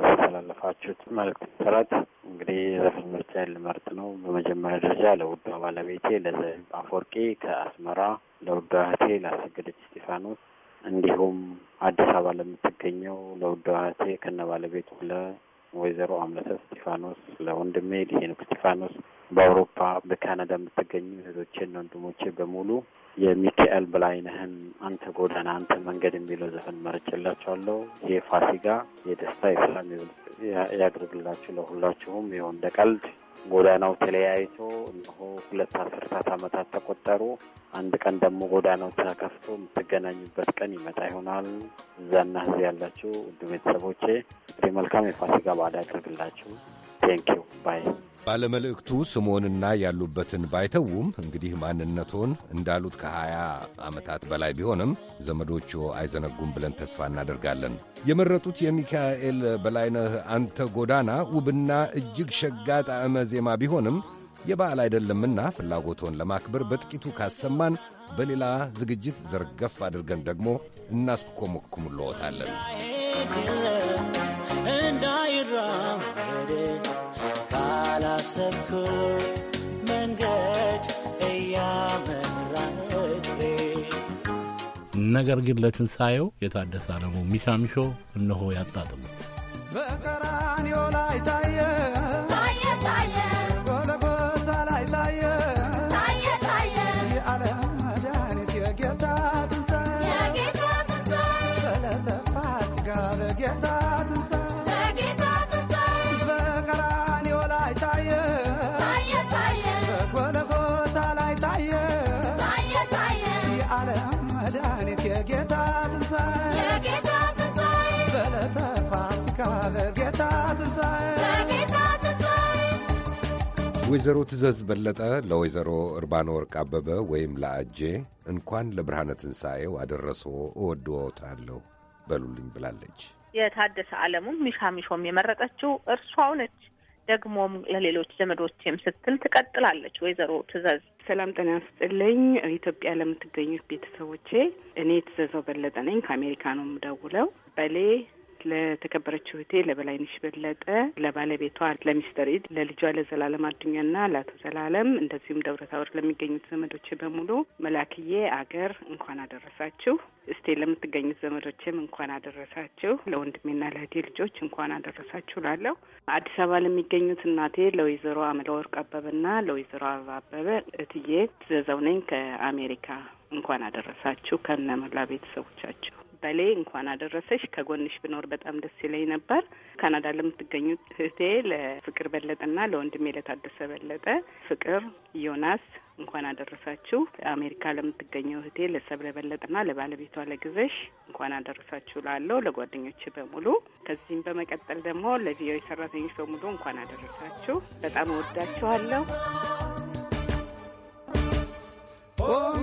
ያቀረባችሁት መልክ መሰረት እንግዲህ ዘፈን ምርጫዬን ልመርጥ ነው። በመጀመሪያ ደረጃ ለውዷ ባለቤቴ ለዘሪሁን አፈወርቂ ከአስመራ፣ ለውዷ እህቴ ለአሰገደች እስጢፋኖስ እንዲሁም አዲስ አበባ ለምትገኘው ለውዷ እህቴ ከነ ባለቤቱ ለወይዘሮ አምለሰት እስጢፋኖስ፣ ለወንድሜ ሊሄንኩ እስጢፋኖስ በአውሮፓ በካናዳ የምትገኙ እህቶቼና ወንድሞቼ በሙሉ የሚካኤል በላይነህን አንተ ጎዳና አንተ መንገድ የሚለው ዘፈን መርጬላችኋለሁ። ይህ ፋሲካ የደስታ የሰላም ያድርግላችሁ ለሁላችሁም። ይኸው እንደ ቀልድ ጎዳናው ተለያይቶ እነሆ ሁለት አስርታት ዓመታት ተቆጠሩ። አንድ ቀን ደግሞ ጎዳናው ተከፍቶ የምትገናኙበት ቀን ይመጣ ይሆናል። እዛና እዚህ ያላችሁ ውድ ቤተሰቦቼ መልካም የፋሲጋ በዓል ያድርግላችሁ። ባይ። ባለመልእክቱ ስሞንና ያሉበትን ባይተውም እንግዲህ ማንነቶን እንዳሉት ከሀያ ዓመታት በላይ ቢሆንም ዘመዶቹ አይዘነጉም ብለን ተስፋ እናደርጋለን። የመረጡት የሚካኤል በላይነህ አንተ ጎዳና ውብና እጅግ ሸጋ ጣዕመ ዜማ ቢሆንም የበዓል አይደለምና ፍላጎቶን ለማክበር በጥቂቱ ካሰማን በሌላ ዝግጅት ዘርገፍ አድርገን ደግሞ እናስኮመኩምልዎታለን። እንዳይራመድ ባላሰብኩት መንገድ እያመራ ነገር ግን ለትንሣኤው የታደሰ አለሙ ሚሻ ሚሾ እነሆ ያጣጥሙት በቀራንዮ ላይ ወይዘሮ ትዘዝ በለጠ ለወይዘሮ እርባኖ ወርቅ አበበ ወይም ለአጄ እንኳን ለብርሃነ ትንሣኤው አደረሶ እወድዎታለሁ በሉልኝ ብላለች። የታደሰ ዓለሙም ሚሻ ሚሾም የመረጠችው እርሷው ነች። ደግሞም ለሌሎች ዘመዶቼም ስትል ትቀጥላለች። ወይዘሮ ትዘዝ ሰላም ጤና ስጥልኝ። ኢትዮጵያ ለምትገኙት ቤተሰቦቼ እኔ ትዘዘው በለጠ ነኝ። ከአሜሪካ ነው የምደውለው። በሌ ለተከበረችው እህቴ ለበላይነሽ በለጠ፣ ለባለቤቷ ለሚስተር ኢድ፣ ለልጇ ለዘላለም አዱኛና ለአቶ ዘላለም እንደዚሁም ደብረታወር ለሚገኙት ዘመዶች በሙሉ መላክዬ አገር እንኳን አደረሳችሁ። እስቴ ለምትገኙት ዘመዶችም እንኳን አደረሳችሁ። ለወንድሜና ለእህቴ ልጆች እንኳን አደረሳችሁ ላለሁ አዲስ አበባ ለሚገኙት እናቴ ለወይዘሮ አመለወርቅ አበበና ለወይዘሮ አበባ አበበ እትዬ ዘዘው ነኝ ከአሜሪካ እንኳን አደረሳችሁ ከነመላ ቤተሰቦቻችሁ። ለምሳሌ እንኳን አደረሰሽ ከጎንሽ ብኖር በጣም ደስ ይለኝ ነበር። ካናዳ ለምትገኙ እህቴ ለፍቅር በለጠና ለወንድሜ ለታደሰ በለጠ፣ ፍቅር ዮናስ እንኳን አደረሳችሁ። አሜሪካ ለምትገኘው እህቴ ለሰብለ በለጠና ለባለቤቷ ለግዘሽ እንኳን አደረሳችሁ ላለው ለጓደኞች በሙሉ ከዚህም በመቀጠል ደግሞ ለቪኦኤ ሰራተኞች በሙሉ እንኳን አደረሳችሁ። በጣም እወዳችኋለሁ።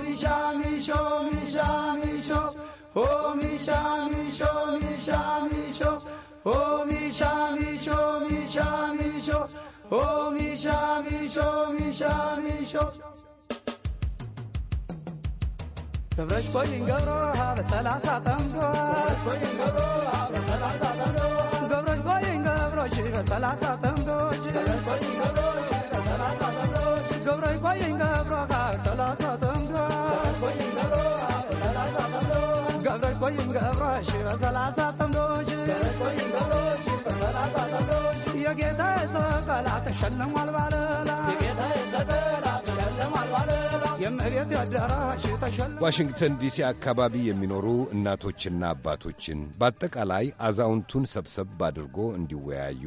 ሚሻ ሚሾ ሚሻ ሚሾ ओम ईशामी शो ईशामी शो ओम ईशामी शो ईशामी शो ओम ईशामी शो ईशामी शो تبرج بوين قبره هذا ثلاثة تنبوه تبرج بوين قبره هذا ثلاثة تنبوه قبرج بوين قبره شيفة ثلاثة تنبوه ወይም ገብሮሽ በሰላሳ የጌታ የሰቀላ ተሸልሟል ዋሽንግተን ዲሲ አካባቢ የሚኖሩ እናቶችና አባቶችን በአጠቃላይ አዛውንቱን ሰብሰብ አድርጎ እንዲወያዩ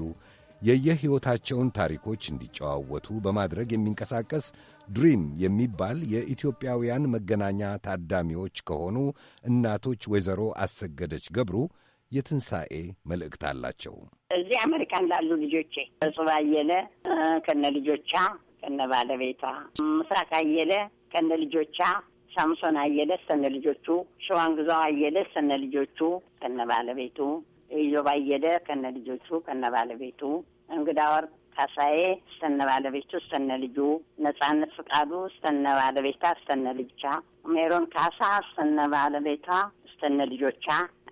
የየሕይወታቸውን ታሪኮች እንዲጨዋወቱ በማድረግ የሚንቀሳቀስ ድሪም የሚባል የኢትዮጵያውያን መገናኛ ታዳሚዎች ከሆኑ እናቶች ወይዘሮ አሰገደች ገብሩ የትንሣኤ መልእክት አላቸው። እዚህ አሜሪካን ላሉ ልጆቼ እጹብ አየለ ከነ ልጆቿ ከነ ባለቤቷ፣ ምስራቅ አየለ ከነ ልጆቿ፣ ሳምሶን አየለ ከነ ልጆቹ፣ ሸዋንግዛው አየለ ከነ ልጆቹ ከነ ባለቤቱ፣ ኢዮብ አየለ ከነ ልጆቹ ከነ ባለቤቱ፣ እንግዳ ወርቅ ካሳዬ እስተነ ባለቤቱ እስተነ ልጁ፣ ነጻነት ፍቃዱ እስተነ ባለቤታ እስተነ ልጅቻ፣ ሜሮን ካሳ እስተነ ባለቤቷ እስተነ ልጆቻ፣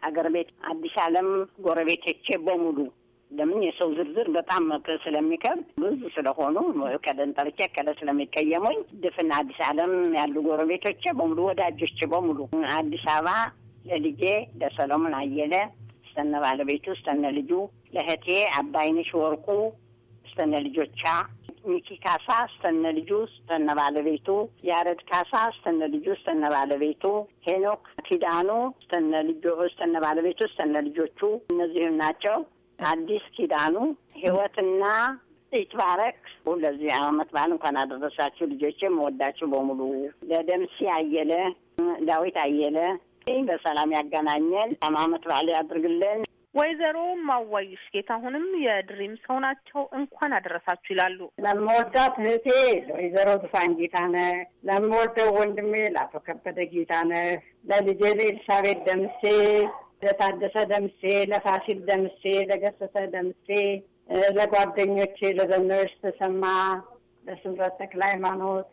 አገር ቤት አዲስ አለም ጎረቤቶቼ በሙሉ ለምን የሰው ዝርዝር በጣም ስለሚከብድ ብዙ ስለሆኑ ከደን ጠርቼ ከለ ስለሚቀየሙኝ ድፍን አዲስ አለም ያሉ ጎረቤቶቼ በሙሉ ወዳጆች በሙሉ አዲስ አበባ ለልጄ ለሰሎሞን አየለ እስተነ ባለቤቱ እስተነ ልጁ ለእህቴ አባይነሽ ወርቁ እስተነ ልጆቻ፣ ሚኪ ካሳ እስተነ ልጁ እስተነ ባለቤቱ፣ ያረድ ካሳ እስተነ ልጁ እስተነ ባለቤቱ፣ ሄኖክ ኪዳኑ እስተነ ልጆ እስተነ ባለቤቱ እስተነ ልጆቹ እነዚህም ናቸው። አዲስ ኪዳኑ ህይወትና ይትባረክ ለዚህ አመት በዓል እንኳን አደረሳችሁ ልጆች መወዳችሁ በሙሉ። ለደምሲ አየለ፣ ዳዊት አየለ በሰላም ያገናኘን። አመት በዓል ያድርግልን። ወይዘሮ ማዋይሽ ጌታሁንም የድሪም ሰው ናቸው። እንኳን አደረሳችሁ ይላሉ። ለምወዳት እህቴ ለወይዘሮ ዙፋን ጌታነህ፣ ለምወደው ወንድሜ ለአቶ ከበደ ጌታነህ፣ ለልጄ ለኤልሳቤት ደምሴ፣ ለታደሰ ደምሴ፣ ለፋሲል ደምሴ፣ ለገሰሰ ደምሴ፣ ለጓደኞቼ ለዘነበች ተሰማ፣ ለስምረት ተክለ ሃይማኖት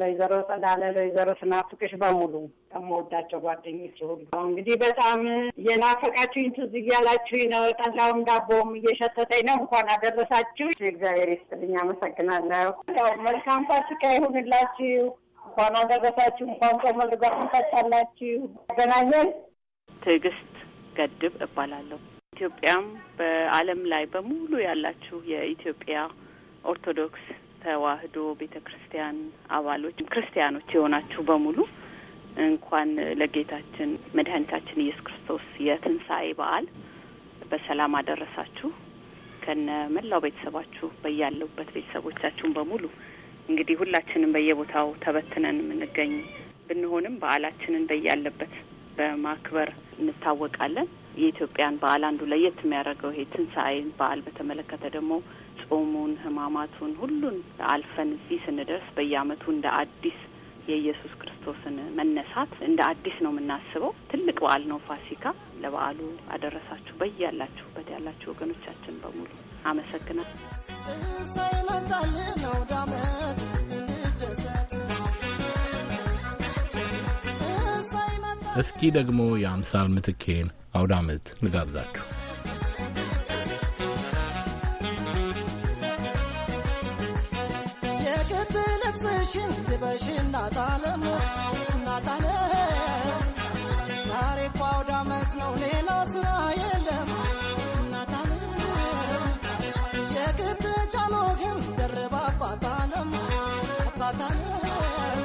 ለወይዘሮ ጸዳለ፣ ለወይዘሮ ስናፍቅሽ በሙሉ ከምወዳቸው ጓደኞች ሁሉ እንግዲህ በጣም የናፈቃችሁኝ ትዝ እያላችሁኝ ነው። ጠላውም ዳቦም እየሸተተኝ ነው። እንኳን አደረሳችሁ። እግዚአብሔር ይስጥልኝ። አመሰግናለሁ። መልካም ፋሲካ ይሁንላችሁ። እንኳን አደረሳችሁ። እንኳን ቆመ ልጓፈታላችሁ። ያገናኘን። ትዕግስት ገድብ እባላለሁ። ኢትዮጵያም በዓለም ላይ በሙሉ ያላችሁ የኢትዮጵያ ኦርቶዶክስ ተዋህዶ ቤተ ክርስቲያን አባሎች ክርስቲያኖች የሆናችሁ በሙሉ እንኳን ለጌታችን መድኃኒታችን ኢየሱስ ክርስቶስ የትንሣኤ በዓል በሰላም አደረሳችሁ ከነ መላው ቤተሰባችሁ በያለሁበት ቤተሰቦቻችሁን በሙሉ እንግዲህ ሁላችንም በየቦታው ተበትነን የምንገኝ ብንሆንም በዓላችንን በያለበት በማክበር እንታወቃለን። የኢትዮጵያን በዓል አንዱ ለየት የሚያደርገው ይሄ ትንሣኤን በዓል በተመለከተ ደግሞ ጾሙን፣ ህማማቱን ሁሉን አልፈን እዚህ ስንደርስ በየአመቱ እንደ አዲስ የኢየሱስ ክርስቶስን መነሳት እንደ አዲስ ነው የምናስበው። ትልቅ በዓል ነው ፋሲካ። ለበዓሉ አደረሳችሁ በያላችሁበት ያላችሁ ወገኖቻችን በሙሉ አመሰግናለሁ። እስኪ ደግሞ የአምሳል ምትኬን አውዳመት ንጋብዛችሁ። የቅጥ ልብስሽን ልበሽ እናጣለም እናጣለም ዛሬ እኮ አውደ ዓመት ሌላ ስራ የለም እናጣለም የቅጥ ጫኖህን ደርባ አባታለም አባታለም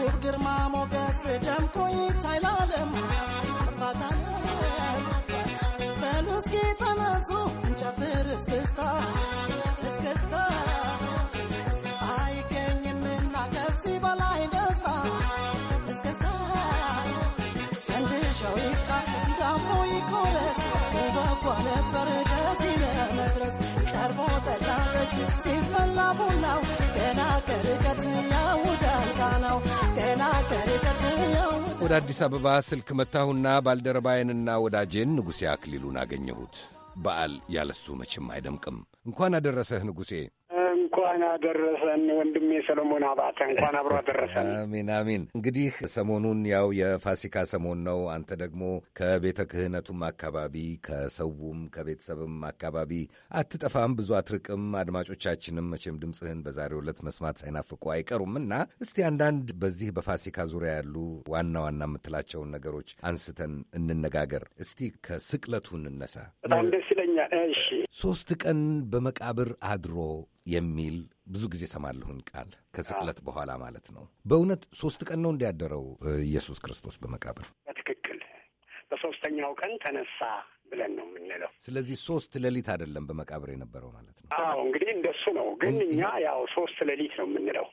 ውብ ግርማ ሞገስ ደምቆ ይታይላለም አባታለም በሉ እስኪ ተነሱ እንጨፍር እስክስታ እስክስታ በላይ ደስታ እስከስታ ዘንድሻው ይፍታ ዳሞ ይቆረስ ሲጓጓ ነበር ከዚህ ለመድረስ ቀርቦ ጠላ ጠጅ ሲፈላ ቡናው ገና ከርቀት ያውዳል ቃናው ገና ከርቀት ወደ አዲስ አበባ ስልክ መታሁና ባልደረባዬንና ወዳጄን ንጉሴ አክሊሉን አገኘሁት። በዓል ያለሱ መቼም አይደምቅም። እንኳን አደረሰህ ንጉሴ። እንኳን አደረሰን ወንድሜ ሰለሞን አባተ፣ እንኳን አብሮ አደረሰን። አሚን አሚን። እንግዲህ ሰሞኑን ያው የፋሲካ ሰሞን ነው። አንተ ደግሞ ከቤተ ክህነቱም አካባቢ ከሰውም ከቤተሰብም አካባቢ አትጠፋም፣ ብዙ አትርቅም። አድማጮቻችንም መቼም ድምፅህን በዛሬው ዕለት መስማት ሳይናፍቁ አይቀሩም እና እስቲ አንዳንድ በዚህ በፋሲካ ዙሪያ ያሉ ዋና ዋና የምትላቸውን ነገሮች አንስተን እንነጋገር። እስቲ ከስቅለቱ እንነሳ። በጣም ደስ ይለኛል። እሺ ሶስት ቀን በመቃብር አድሮ የሚል ብዙ ጊዜ ሰማልሁን ቃል ከስቅለት በኋላ ማለት ነው። በእውነት ሶስት ቀን ነው እንዲያደረው ኢየሱስ ክርስቶስ በመቃብር በትክክል በሶስተኛው ቀን ተነሳ ብለን ነው የምንለው። ስለዚህ ሶስት ሌሊት አይደለም በመቃብር የነበረው ማለት ነው። አዎ እንግዲህ እንደሱ ነው፣ ግን እኛ ያው ሶስት ሌሊት ነው የምንለው።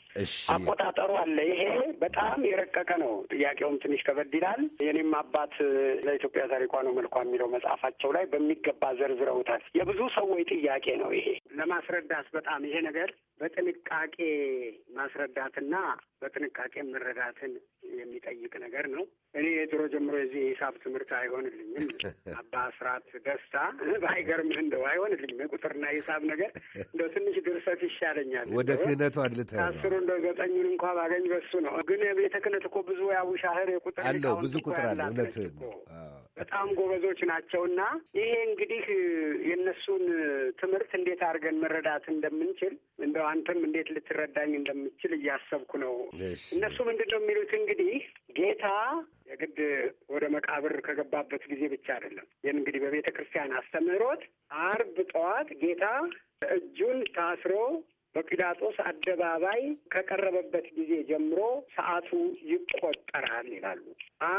አቆጣጠሩ አለ። ይሄ በጣም የረቀቀ ነው። ጥያቄውም ትንሽ ከበድ ይላል። የኔም አባት ለኢትዮጵያ ታሪኳ ነው መልኳ የሚለው መጽሐፋቸው ላይ በሚገባ ዘርዝረውታል። የብዙ ሰዎች ጥያቄ ነው ይሄ ለማስረዳት በጣም ይሄ ነገር በጥንቃቄ ማስረዳትና በጥንቃቄ መረዳትን የሚጠይቅ ነገር ነው። እኔ የድሮ ጀምሮ የዚህ የሂሳብ ትምህርት አይሆንልኝም። (laughs) አባ አስራት ደስታ (laughs) ባይገርምህ እንደው አይሆንልኝም። የቁጥርና የሂሳብ ነገር እንደ ትንሽ ድርሰት ይሻለኛል። ወደ ክህነቱ አድልተ አስሩ እንደ ዘጠኙን እንኳ ባገኝ በሱ ነው። ግን የቤተ ክህነት እኮ ብዙ ያቡሻህር የቁጥር አለው ብዙ ቁጥር አለ። እውነት በጣም ጎበዞች ናቸውና ይሄ እንግዲህ የእነሱን ትምህርት እንዴት አድርገን መረዳት እንደምንችል እንደው አንተም እንዴት ልትረዳኝ እንደምችል እያሰብኩ ነው። እነሱ ምንድን ነው የሚሉት እንግዲህ እንግዲህ ጌታ የግድ ወደ መቃብር ከገባበት ጊዜ ብቻ አይደለም። ይህን እንግዲህ በቤተ ክርስቲያን አስተምህሮት አርብ ጠዋት ጌታ እጁን ታስሮ በጲላጦስ አደባባይ ከቀረበበት ጊዜ ጀምሮ ሰዓቱ ይቆጠራል ይላሉ።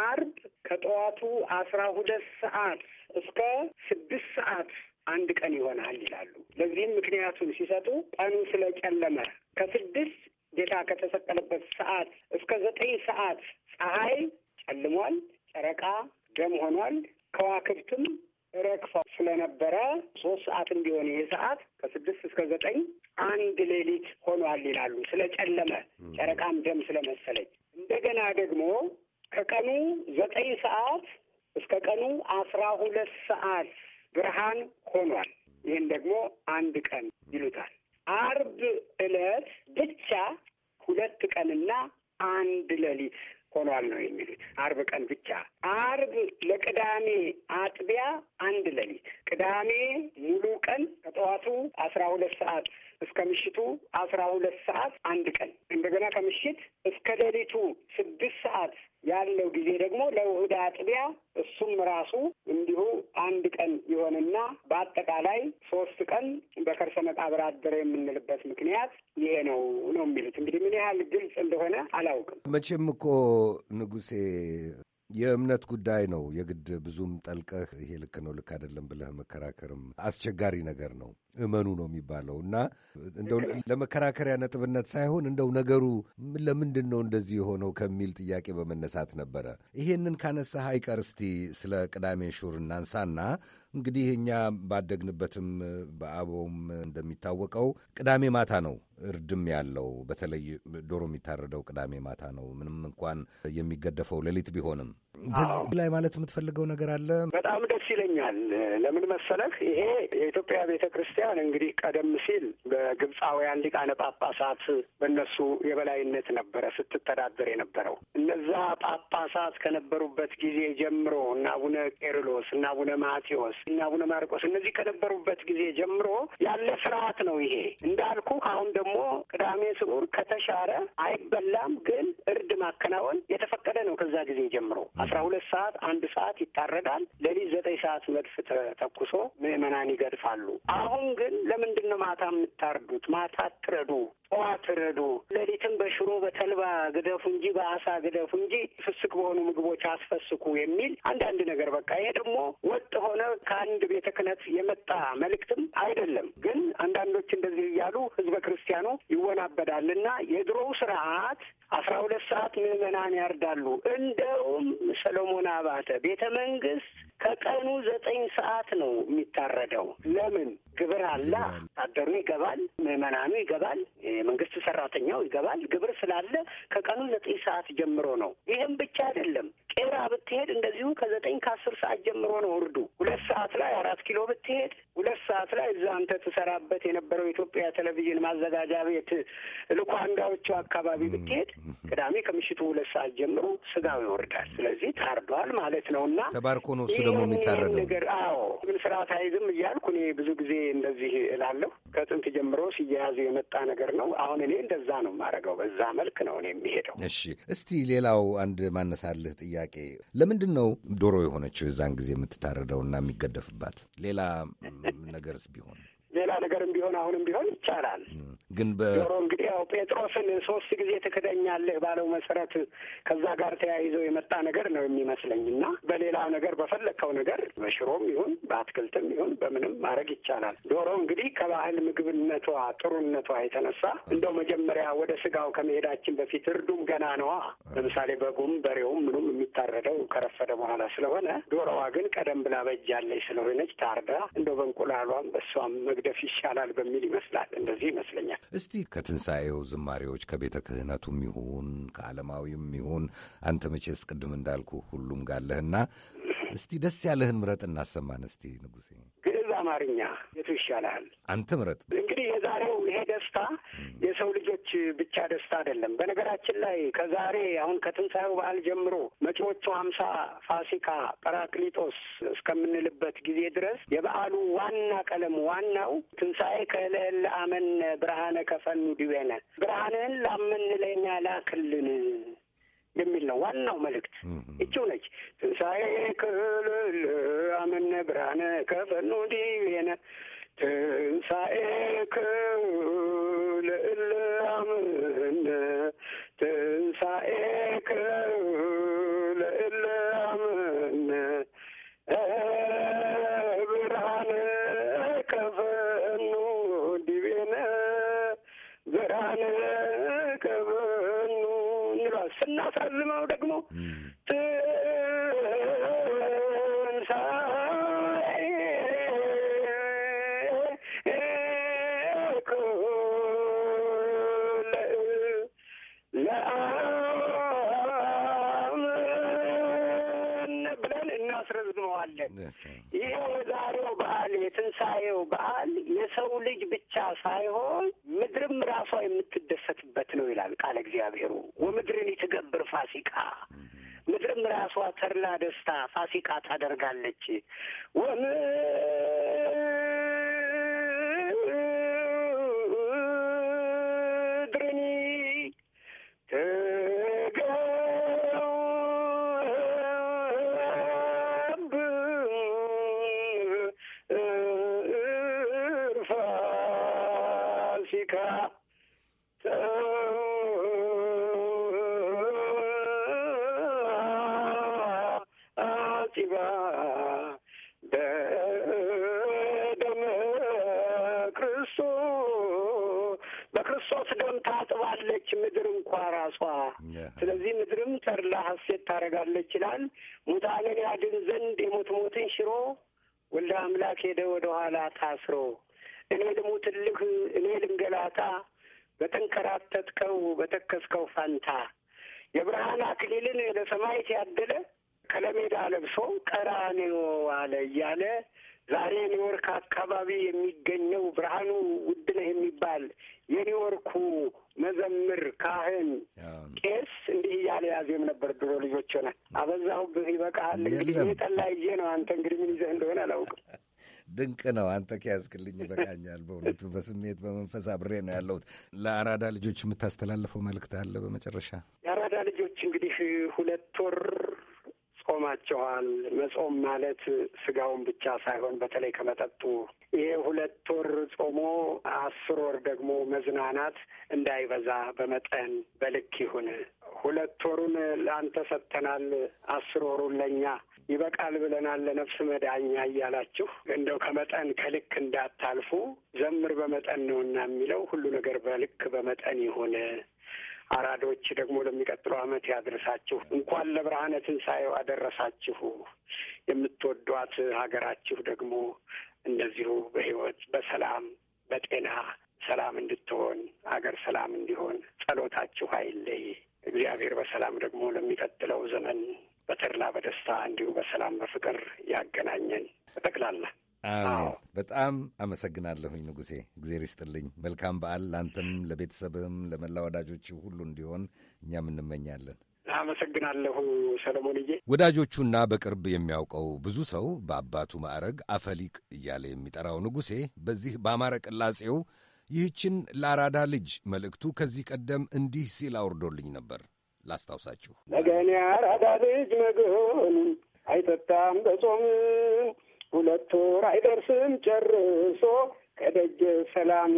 አርብ ከጠዋቱ አስራ ሁለት ሰዓት እስከ ስድስት ሰዓት አንድ ቀን ይሆናል ይላሉ። ለዚህም ምክንያቱን ሲሰጡ ቀኑ ስለጨለመ ከስድስት ጌታ ከተሰቀለበት ሰዓት እስከ ዘጠኝ ሰዓት ፀሐይ ጨልሟል፣ ጨረቃ ደም ሆኗል፣ ከዋክብትም ረግፋ ስለነበረ ሶስት ሰዓት እንዲሆን ይህ ሰዓት ከስድስት እስከ ዘጠኝ አንድ ሌሊት ሆኗል ይላሉ። ስለጨለመ ጨረቃም ደም ስለመሰለኝ እንደገና ደግሞ ከቀኑ ዘጠኝ ሰዓት እስከ ቀኑ አስራ ሁለት ሰዓት ብርሃን ሆኗል። ይህን ደግሞ አንድ ቀን ይሉታል። አርብ ዕለት ብቻ ሁለት ቀንና አንድ ሌሊት ሆኗል ነው የሚሉት። አርብ ቀን ብቻ አርብ ለቅዳሜ አጥቢያ አንድ ሌሊት፣ ቅዳሜ ሙሉ ቀን ከጠዋቱ አስራ ሁለት ሰዓት እስከ ምሽቱ አስራ ሁለት ሰዓት አንድ ቀን እንደገና ከምሽት እስከ ሌሊቱ ስድስት ሰዓት ያለው ጊዜ ደግሞ ለውህድ አጥቢያ እሱም ራሱ እንዲሁ አንድ ቀን የሆነና በአጠቃላይ ሶስት ቀን በከርሰ መቃብር አደረ የምንልበት ምክንያት ይሄ ነው ነው የሚሉት። እንግዲህ ምን ያህል ግልጽ እንደሆነ አላውቅም። መቼም እኮ ንጉሴ የእምነት ጉዳይ ነው። የግድ ብዙም ጠልቀህ ይሄ ልክ ነው ልክ አይደለም ብለህ መከራከርም አስቸጋሪ ነገር ነው። እመኑ ነው የሚባለው እና እንደው ለመከራከሪያ ነጥብነት ሳይሆን እንደው ነገሩ ለምንድን ነው እንደዚህ የሆነው ከሚል ጥያቄ በመነሳት ነበረ። ይሄንን ካነሳ አይቀር እስቲ ስለ ቅዳሜ ሹር እናንሳና እንግዲህ እኛ ባደግንበትም በአበውም እንደሚታወቀው ቅዳሜ ማታ ነው እርድም ያለው። በተለይ ዶሮ የሚታረደው ቅዳሜ ማታ ነው፣ ምንም እንኳን የሚገደፈው ሌሊት ቢሆንም። በዚህ ላይ ማለት የምትፈልገው ነገር አለ? በጣም ደስ ይለኛል። ለምን መሰለህ? ይሄ የኢትዮጵያ ቤተ ክርስቲያን ቤተክርስቲያን እንግዲህ ቀደም ሲል በግብፃውያን ሊቃነ ጳጳሳት በእነሱ የበላይነት ነበረ ስትተዳደር የነበረው። እነዛ ጳጳሳት ከነበሩበት ጊዜ ጀምሮ እና አቡነ ቄርሎስ እና አቡነ ማቴዎስ እና አቡነ ማርቆስ እነዚህ ከነበሩበት ጊዜ ጀምሮ ያለ ስርዓት ነው ይሄ እንዳልኩ። አሁን ደግሞ ቅዳሜ ስዑር ከተሻረ አይበላም፣ ግን እርድ ማከናወን የተፈቀደ ነው። ከዛ ጊዜ ጀምሮ አስራ ሁለት ሰዓት አንድ ሰዓት ይታረዳል። ሌሊት ዘጠኝ ሰዓት መድፍ ተኩሶ ምዕመናን ይገድፋሉ። አሁን ግን ለምንድን ነው ማታ የምታርዱት? ማታ አትረዱ ጠዋት እረዱ፣ ሌሊትም በሽሮ በተልባ ግደፉ እንጂ በአሳ ግደፉ እንጂ ፍስክ በሆኑ ምግቦች አስፈስኩ የሚል አንዳንድ ነገር በቃ ይሄ ደግሞ ወጥ ሆነ ከአንድ ቤተ ክህነት የመጣ መልእክትም አይደለም። ግን አንዳንዶች እንደዚህ እያሉ ህዝበ ክርስቲያኑ ይወናበዳል እና የድሮው ስርዓት አስራ ሁለት ሰዓት ምዕመናን ያርዳሉ። እንደውም ሰሎሞን አባተ ቤተ መንግስት ከቀኑ ዘጠኝ ሰዓት ነው የሚታረደው። ለምን ግብር አላ ታደሩ ይገባል፣ ምዕመናኑ ይገባል፣ የመንግስት ሰራተኛው ይገባል። ግብር ስላለ ከቀኑ ዘጠኝ ሰዓት ጀምሮ ነው። ይህም ብቻ አይደለም። ቄራ ብትሄድ እንደዚሁ ከዘጠኝ ከአስር ሰዓት ጀምሮ ነው እርዱ። ሁለት ሰዓት ላይ አራት ኪሎ ብትሄድ ሁለት ሰዓት ላይ እዛ አንተ ትሰራበት የነበረው የኢትዮጵያ ቴሌቪዥን ማዘጋጃ ቤት ልኳንዳዎቹ አካባቢ ብትሄድ ቅዳሜ ከምሽቱ ሁለት ሰዓት ጀምሮ ስጋው ይወርዳል። ስለዚህ ታርዷል ማለት ነው እና ተባርኮ ነው እሱ ደግሞ የሚታረደው ነገር። አዎ ግን ስርዓት አይዝም እያልኩ እኔ ብዙ ጊዜ እንደዚህ እላለሁ። ከጥንት ጀምሮ ሲያያዙ የመጣ ነገር ነው። አሁን እኔ እንደዛ ነው የማደርገው። በዛ መልክ ነው እኔ የሚሄደው። እሺ፣ እስቲ ሌላው አንድ ማነሳልህ ጥያቄ ለምንድን ነው ዶሮ የሆነችው የዛን ጊዜ የምትታረደው እና የሚገደፍባት ሌላ ነገርስ ቢሆን ሌላ ነገርም ቢሆን አሁንም ቢሆን ይቻላል። ግን በሮ እንግዲህ ያው ጴጥሮስን ሶስት ጊዜ ትክደኛለህ ባለው መሰረት ከዛ ጋር ተያይዞ የመጣ ነገር ነው የሚመስለኝ እና በሌላ ነገር በፈለግከው ነገር በሽሮም ይሁን በአትክልትም ይሁን በምንም ማድረግ ይቻላል። ዶሮ እንግዲህ ከባህል ምግብነቷ ጥሩነቷ የተነሳ እንደው መጀመሪያ ወደ ስጋው ከመሄዳችን በፊት እርዱም ገና ነዋ። ለምሳሌ በጉም በሬውም ምኑም የሚታረደው ከረፈደ በኋላ ስለሆነ ዶሮዋ ግን ቀደም ብላ በጃለች ስለሆነች ታርዳ እንደው በእንቁላሏም በእሷም መግደፍ ይሻላል በሚል ይመስላል። እንደዚህ ይመስለኛል። እስቲ ከትንሣኤው ዝማሬዎች ከቤተ ክህነቱም ይሁን ከዓለማዊም ይሁን አንተ መቼስ ቅድም እንዳልኩ ሁሉም ጋለህና እስቲ ደስ ያለህን ምረጥ እናሰማን። እስቲ ንጉሴ አማርኛ የቱ ይሻላል? አንተ ምረጥ። እንግዲህ የዛሬው ይሄ ደስታ የሰው ልጆች ብቻ ደስታ አይደለም። በነገራችን ላይ ከዛሬ አሁን ከትንሣኤው በዓል ጀምሮ መጪዎቹ ሀምሳ ፋሲካ፣ ጰራቅሊጦስ እስከምንልበት ጊዜ ድረስ የበዓሉ ዋና ቀለም ዋናው ትንሣኤ ከልዕል አመን ብርሃነ ከፈኑ ዲቤነ ብርሃንህን ላምን ለኛ ላክልን የሚል ነው ዋናው መልእክት። እችው ነች ትንሣኤ ክልል አመነ ብርሃነ ከፈኑ ዲቤነ ትንሣኤ ክልል አመነ ትንሣኤ ክልል ይህ የዛሬው በዓል የትንሣኤው በዓል የሰው ልጅ ብቻ ሳይሆን ምድርም ራሷ የምትደሰትበት ነው ይላል ቃለ እግዚአብሔሩ። ወምድርን ትገብር ፋሲካ ምድርም ራሷ ተድላ ደስታ ፋሲካ ታደርጋለች። ወም ሐሴት ታደርጋለች ይላል። ሙታንን ያድን ዘንድ የሞት ሞትን ሽሮ ወልደ አምላክ ሄደ ወደ ኋላ ታስሮ እኔ ልሙትልህ እኔ ልንገላታ በተንከራተትከው በተከስከው ፋንታ የብርሃን አክሊልን ለሰማይት ያደለ ከለሜዳ ለብሶ ቀራኔዮ አለ እያለ ዛሬ ኒውዮርክ አካባቢ የሚገኘው ብርሃኑ ውድነህ የሚባል የኒውዮርኩ መዘምር ካህን ቄስ እንዲህ እያለ ያዜም ነበር። ድሮ ልጆች ሆነ አበዛሁብህ፣ ይበቃሃል። እንግዲህ እኔ ጠላ ይዤ ነው። አንተ እንግዲህ ምን ይዘህ እንደሆነ አላውቅም። (laughs) ድንቅ ነው። አንተ ከያዝክልኝ ይበቃኛል። በእውነቱ በስሜት በመንፈስ አብሬ ነው ያለሁት። ለአራዳ ልጆች የምታስተላልፈው መልእክት አለ? በመጨረሻ የአራዳ ልጆች እንግዲህ ሁለት ወር ጾማቸዋል። መጾም ማለት ስጋውን ብቻ ሳይሆን በተለይ ከመጠጡ ይሄ ሁለት ወር ጾሞ አስር ወር ደግሞ መዝናናት እንዳይበዛ በመጠን በልክ ይሁን። ሁለት ወሩን ለአንተ ሰጥተናል፣ አስር ወሩን ለእኛ ይበቃል ብለናል ለነፍስ መዳኛ እያላችሁ እንደው ከመጠን ከልክ እንዳታልፉ። ዘምር በመጠን ነውና የሚለው ሁሉ ነገር በልክ በመጠን ይሁን። አራዶች ደግሞ ለሚቀጥለው ዓመት ያድርሳችሁ። እንኳን ለብርሃነ ትንሣኤው አደረሳችሁ። የምትወዷት ሀገራችሁ ደግሞ እንደዚሁ በሕይወት በሰላም በጤና ሰላም እንድትሆን አገር ሰላም እንዲሆን ጸሎታችሁ አይለይ። እግዚአብሔር በሰላም ደግሞ ለሚቀጥለው ዘመን በተድላ በደስታ እንዲሁ በሰላም በፍቅር ያገናኘን። ጠቅላላ አሜን። በጣም አመሰግናለሁኝ ንጉሴ፣ እግዜር ይስጥልኝ። መልካም በዓል ለአንተም፣ ለቤተሰብህም፣ ለመላ ወዳጆች ሁሉ እንዲሆን እኛም እንመኛለን። አመሰግናለሁ ሰለሞንዬ። ወዳጆቹና በቅርብ የሚያውቀው ብዙ ሰው በአባቱ ማዕረግ አፈሊቅ እያለ የሚጠራው ንጉሴ በዚህ በአማረ ቅላጼው ይህችን ለአራዳ ልጅ መልእክቱ ከዚህ ቀደም እንዲህ ሲል አውርዶልኝ ነበር። ላስታውሳችሁ። ነገን አራዳ ልጅ መግሆን አይጠጣም በጾም ሁለት ወር አይደርስም ጨርሶ ከደጀ ሰላም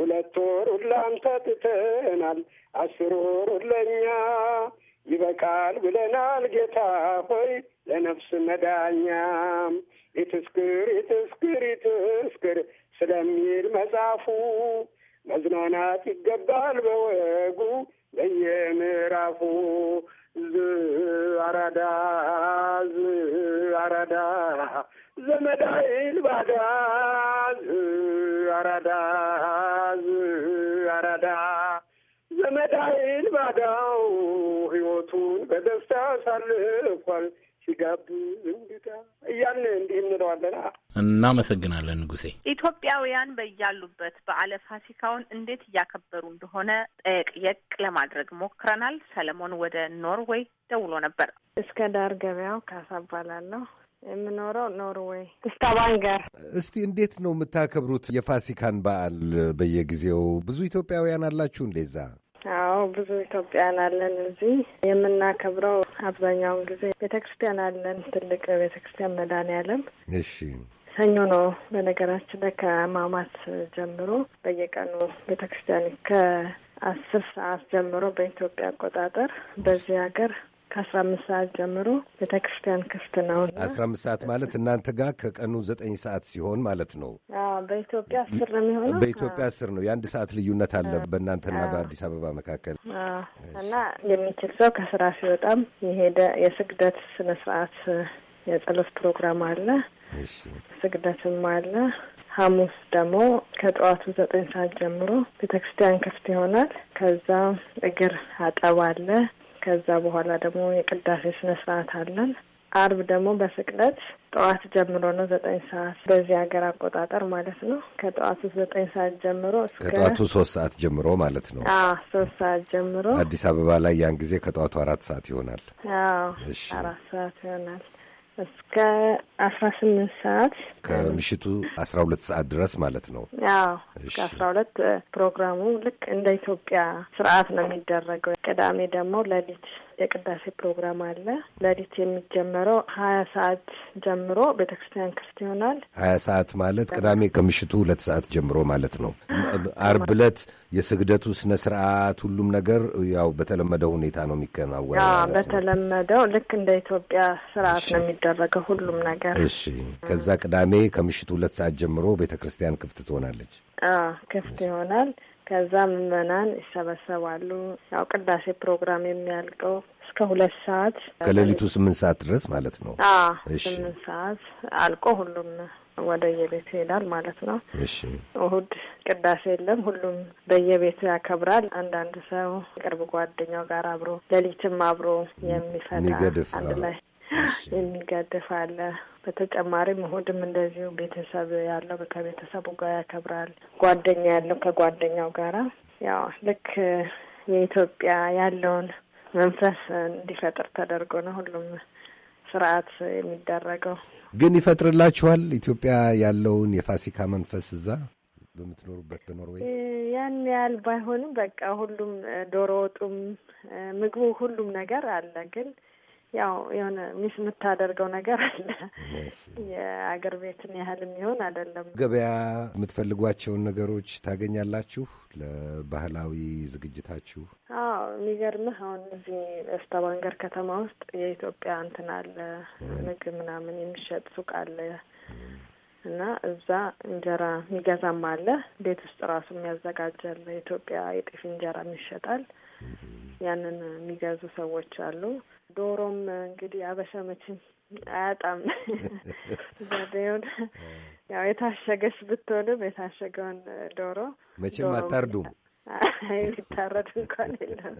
ሁለት ወር ሁላንተ ትተናል አስር ወር ሁለኛ ይበቃል ብለናል ጌታ ሆይ ለነፍስ መዳኛ ይትስክር ይትስክር ይትስክር ስለሚል መጽሐፉ መዝናናት ይገባል በወጉ በየምዕራፉ አራዳ አራዳ ዘመዳ ይልባዳ አራዳ አራዳ ዘመዳ ይልባዳው ሕይወቱን በደስታ ሳልፏል። ሲጋብ እንግዳ እያን እንዲህ እንለዋለና። እናመሰግናለን ንጉሴ። ኢትዮጵያውያን በያሉበት በዓለ ፋሲካውን እንዴት እያከበሩ እንደሆነ ጠየቅየቅ ለማድረግ ሞክረናል። ሰለሞን ወደ ኖርዌይ ደውሎ ነበር። እስከ ዳር ገበያው ካሳ የምኖረው ኖርዌይ ስታቫንገር። እስቲ እንዴት ነው የምታከብሩት የፋሲካን በዓል? በየጊዜው ብዙ ኢትዮጵያውያን አላችሁ እንደዛ? አዎ ብዙ ኢትዮጵያን አለን እዚህ የምናከብረው አብዛኛውን ጊዜ ቤተክርስቲያን አለን። ትልቅ ቤተክርስቲያን ክርስቲያን መድኃኔዓለም። እሺ ሰኞ ነው በነገራችን ላይ ከማማት ጀምሮ በየቀኑ ቤተክርስቲያን ከአስር ሰዓት ጀምሮ በኢትዮጵያ አቆጣጠር በዚህ ሀገር ከአስራ አምስት ሰዓት ጀምሮ ቤተ ክርስቲያን ክፍት ነው። አስራ አምስት ሰዓት ማለት እናንተ ጋር ከቀኑ ዘጠኝ ሰዓት ሲሆን ማለት ነው። በኢትዮጵያ አስር ነው የሚሆነው። በኢትዮጵያ አስር ነው። የአንድ ሰዓት ልዩነት አለ በእናንተና በአዲስ አበባ መካከል እና የሚችል ሰው ከስራ ሲወጣም የሄደ የስግደት ስነ ስርዓት የጸሎት ፕሮግራም አለ፣ ስግደትም አለ። ሐሙስ ደግሞ ከጠዋቱ ዘጠኝ ሰዓት ጀምሮ ቤተክርስቲያን ክፍት ይሆናል። ከዛ እግር አጠባ አለ ከዛ በኋላ ደግሞ የቅዳሴ ስነ ስርዓት አለን። አርብ ደግሞ በስቅለት ጠዋት ጀምሮ ነው ዘጠኝ ሰዓት በዚህ ሀገር አቆጣጠር ማለት ነው። ከጠዋቱ ዘጠኝ ሰዓት ጀምሮ ከጠዋቱ ሶስት ሰዓት ጀምሮ ማለት ነው። ሶስት ሰዓት ጀምሮ አዲስ አበባ ላይ ያን ጊዜ ከጠዋቱ አራት ሰዓት ይሆናል። አራት ሰዓት ይሆናል። እስከ አስራ ስምንት ሰዓት ከምሽቱ አስራ ሁለት ሰዓት ድረስ ማለት ነው። እስከ አስራ ሁለት ፕሮግራሙ ልክ እንደ ኢትዮጵያ ስርዓት ነው የሚደረገው። ቅዳሜ ደግሞ ሌሊት የቅዳሴ ፕሮግራም አለ። ለሊት የሚጀመረው ሀያ ሰዓት ጀምሮ ቤተ ክርስቲያን ክፍት ይሆናል። ሀያ ሰዓት ማለት ቅዳሜ ከምሽቱ ሁለት ሰዓት ጀምሮ ማለት ነው። አርብ ዕለት የስግደቱ ስነ ስርዓት ሁሉም ነገር ያው በተለመደው ሁኔታ ነው የሚከናወነው። በተለመደው ልክ እንደ ኢትዮጵያ ስርዓት ነው የሚደረገው ሁሉም ነገር። እሺ። ከዛ ቅዳሜ ከምሽቱ ሁለት ሰዓት ጀምሮ ቤተ ክርስቲያን ክፍት ትሆናለች። ክፍት ይሆናል። ከዛ ምዕመናን ይሰበሰባሉ። ያው ቅዳሴ ፕሮግራም የሚያልቀው እስከ ሁለት ሰዓት ከሌሊቱ ስምንት ሰዓት ድረስ ማለት ነው። ስምንት ሰዓት አልቆ ሁሉም ወደ የቤት ይሄዳል ማለት ነው። እሺ እሁድ ቅዳሴ የለም። ሁሉም በየቤቱ ያከብራል። አንዳንድ ሰው ቅርብ ጓደኛው ጋር አብሮ ሌሊትም አብሮ የሚፈታ አንድ ላይ የሚጋደፍ አለ። በተጨማሪም እሁድም እንደዚሁ ቤተሰብ ያለው ከቤተሰቡ ጋር ያከብራል። ጓደኛ ያለው ከጓደኛው ጋራ ያው ልክ የኢትዮጵያ ያለውን መንፈስ እንዲፈጥር ተደርጎ ነው ሁሉም ስርዓት የሚደረገው። ግን ይፈጥርላችኋል ኢትዮጵያ ያለውን የፋሲካ መንፈስ እዛ በምትኖሩበት በኖርዌይ ያን ያህል ባይሆንም በቃ ሁሉም ዶሮ ወጡም ምግቡ ሁሉም ነገር አለ ግን ያው የሆነ ሚስ የምታደርገው ነገር አለ። የአገር ቤትን ያህል የሚሆን አይደለም። ገበያ የምትፈልጓቸውን ነገሮች ታገኛላችሁ ለባህላዊ ዝግጅታችሁ? አዎ የሚገርምህ አሁን እዚህ እስተባንገር ከተማ ውስጥ የኢትዮጵያ እንትን አለ ምግብ ምናምን የሚሸጥ ሱቅ አለ እና እዛ እንጀራ የሚገዛም አለ። ቤት ውስጥ ራሱ የሚያዘጋጃል። የኢትዮጵያ የጤፍ እንጀራ ይሸጣል። ያንን የሚገዙ ሰዎች አሉ። ዶሮም እንግዲህ አበሻ መቼም አያጣም። ዛዴውን (laughs) ያው የታሸገች ብትሆንም የታሸገውን ዶሮ መቼም አታርዱም፣ የሚታረድ እንኳን የለም።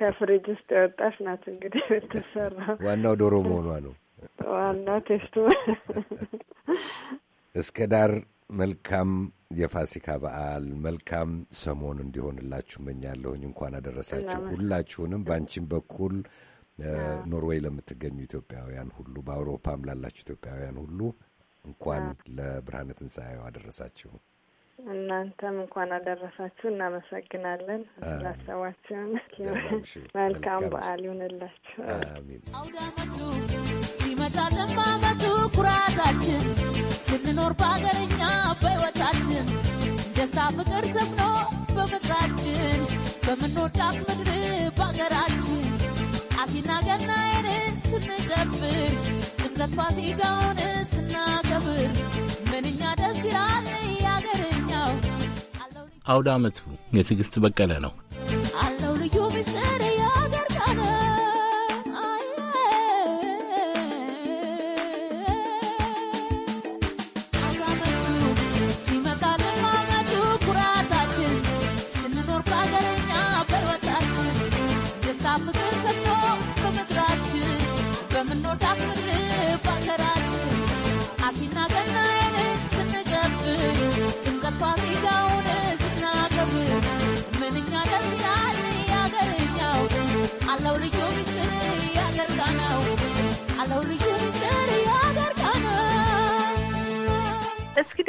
ከፍሪጅ ውስጥ የወጣች ናት እንግዲህ የምትሰራው። ዋናው ዶሮ መሆኗ ነው። ዋናው ቴስቱ እስከ ዳር መልካም የፋሲካ በዓል መልካም ሰሞን እንዲሆንላችሁ መኛለሁኝ። እንኳን አደረሳችሁ ሁላችሁንም፣ በአንቺም በኩል ኖርዌይ ለምትገኙ ኢትዮጵያውያን ሁሉ፣ በአውሮፓም ላላችሁ ኢትዮጵያውያን ሁሉ እንኳን ለብርሃነ ትንሣኤው አደረሳችሁ። እናንተም እንኳን አደረሳችሁ። እናመሰግናለን ስላሰባችሁን። መልካም በዓል ይሁንላችሁ። አውዳመቱ ሲመጣ ለማመቱ ኩራታችን ስንኖር በሀገርኛ በሕይወታችን ደስታ ፍቅር ሰፍኖ በምድራችን በምንወዳት ምድር በሀገራችን አሲና ገናዬን ስንጨፍር ጥምቀት ፋሲካውን ስናከብር ምንኛ ደስ ይላል። አውደ ዓመቱ የትዕግሥት በቀለ ነው።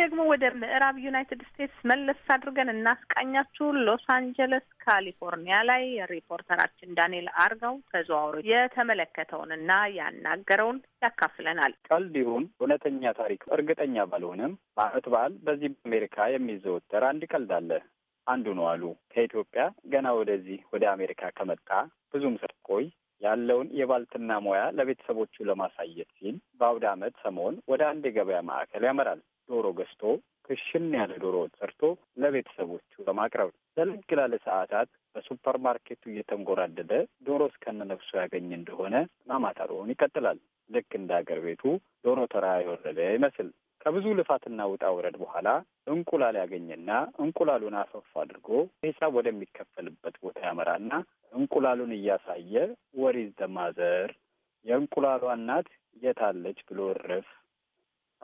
ደግሞ ወደ ምዕራብ ዩናይትድ ስቴትስ መለስ አድርገን እናስቃኛችሁ። ሎስ አንጀለስ ካሊፎርኒያ ላይ ሪፖርተራችን ዳንኤል አርጋው ተዘዋውሮ የተመለከተውንና ያናገረውን ያካፍለናል። ቀልድ ይሁን እውነተኛ ታሪክ እርግጠኛ ባልሆንም በዓመት በዓል በዚህ በአሜሪካ የሚዘወተር አንድ ቀልድ አለ። አንዱ ነው አሉ። ከኢትዮጵያ ገና ወደዚህ ወደ አሜሪካ ከመጣ ብዙም ሳይቆይ ያለውን የባልትና ሙያ ለቤተሰቦቹ ለማሳየት ሲል በአውደ ዓመት ሰሞን ወደ አንድ የገበያ ማዕከል ያመራል። ዶሮ ገዝቶ ክሽን ያለ ዶሮ ሰርቶ ለቤተሰቦቹ ለማቅረብ ዘለግ ላለ ሰዓታት በሱፐር ማርኬቱ እየተንጎራደደ ዶሮ ነፍሱ ያገኝ እንደሆነ ማማተሩን ይቀጥላል። ልክ እንደ አገር ቤቱ ዶሮ ተራ የወረደ ይመስል ከብዙ ልፋትና ውጣ ውረድ በኋላ እንቁላል ያገኘና እንቁላሉን አፈፍ አድርጎ ሂሳብ ወደሚከፈልበት ቦታ ያመራና እንቁላሉን እያሳየ ወሪዝ ደማዘር የእንቁላሏ እናት የታለች ብሎ እርፍ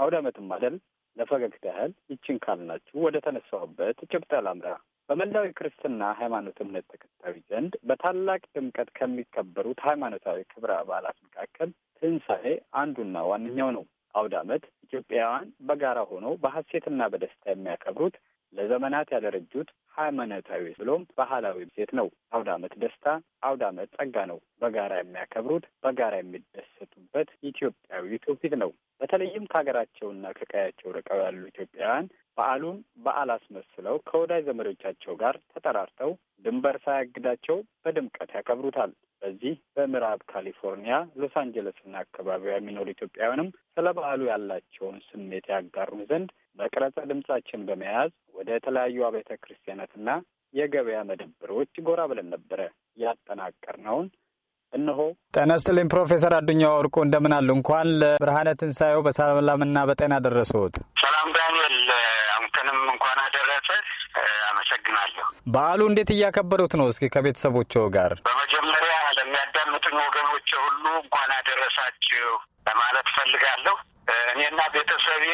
አውደ ዓመትም አይደል ለፈገግታ ያህል ይችን ካልናችሁ ወደ ተነሳውበት ጭብጠ ላምራ። በመላው የክርስትና ሃይማኖት እምነት ተከታዮች ዘንድ በታላቅ ድምቀት ከሚከበሩት ሃይማኖታዊ ክብረ በዓላት መካከል ትንሣኤ አንዱና ዋነኛው ነው። አውደ ዓመት ኢትዮጵያውያን በጋራ ሆነው በሐሴትና በደስታ የሚያከብሩት ለዘመናት ያደረጁት ሃይማኖታዊ ብሎም ባህላዊ ሴት ነው። አውደ ዓመት ደስታ፣ አውደ ዓመት ጸጋ ነው። በጋራ የሚያከብሩት በጋራ የሚደሰቱበት ኢትዮጵያዊ ትውፊት ነው። በተለይም ከሀገራቸውና ከቀያቸው ርቀው ያሉ ኢትዮጵያውያን በዓሉን በዓል አስመስለው ከወዳጅ ዘመዶቻቸው ጋር ተጠራርተው ድንበር ሳያግዳቸው በድምቀት ያከብሩታል። በዚህ በምዕራብ ካሊፎርኒያ ሎስ አንጀለስና አካባቢዋ የሚኖሩ ኢትዮጵያውያንም ስለ በዓሉ ያላቸውን ስሜት ያጋሩን ዘንድ በቅረጸ ድምጻችን በመያዝ ወደ የተለያዩ አብያተ ክርስቲያናትና የገበያ መደብሮች ጎራ ብለን ነበረ ያጠናቀርነውን እነሆ። ጤና ይስጥልኝ ፕሮፌሰር አዱኛ ወርቁ እንደምን አሉ? እንኳን ለብርሃነ ትንሣኤው በሰላምና በጤና ደረሰዎት። ሰላም ዳንኤል፣ አንተንም እንኳን አደረሰ። አመሰግናለሁ። በዓሉ እንዴት እያከበሩት ነው? እስኪ ከቤተሰቦች ጋር በመጀመሪያ ለሚያዳምጡኝ ወገኖች ሁሉ እንኳን አደረሳችሁ ለማለት እፈልጋለሁ። እኔና ቤተሰቤ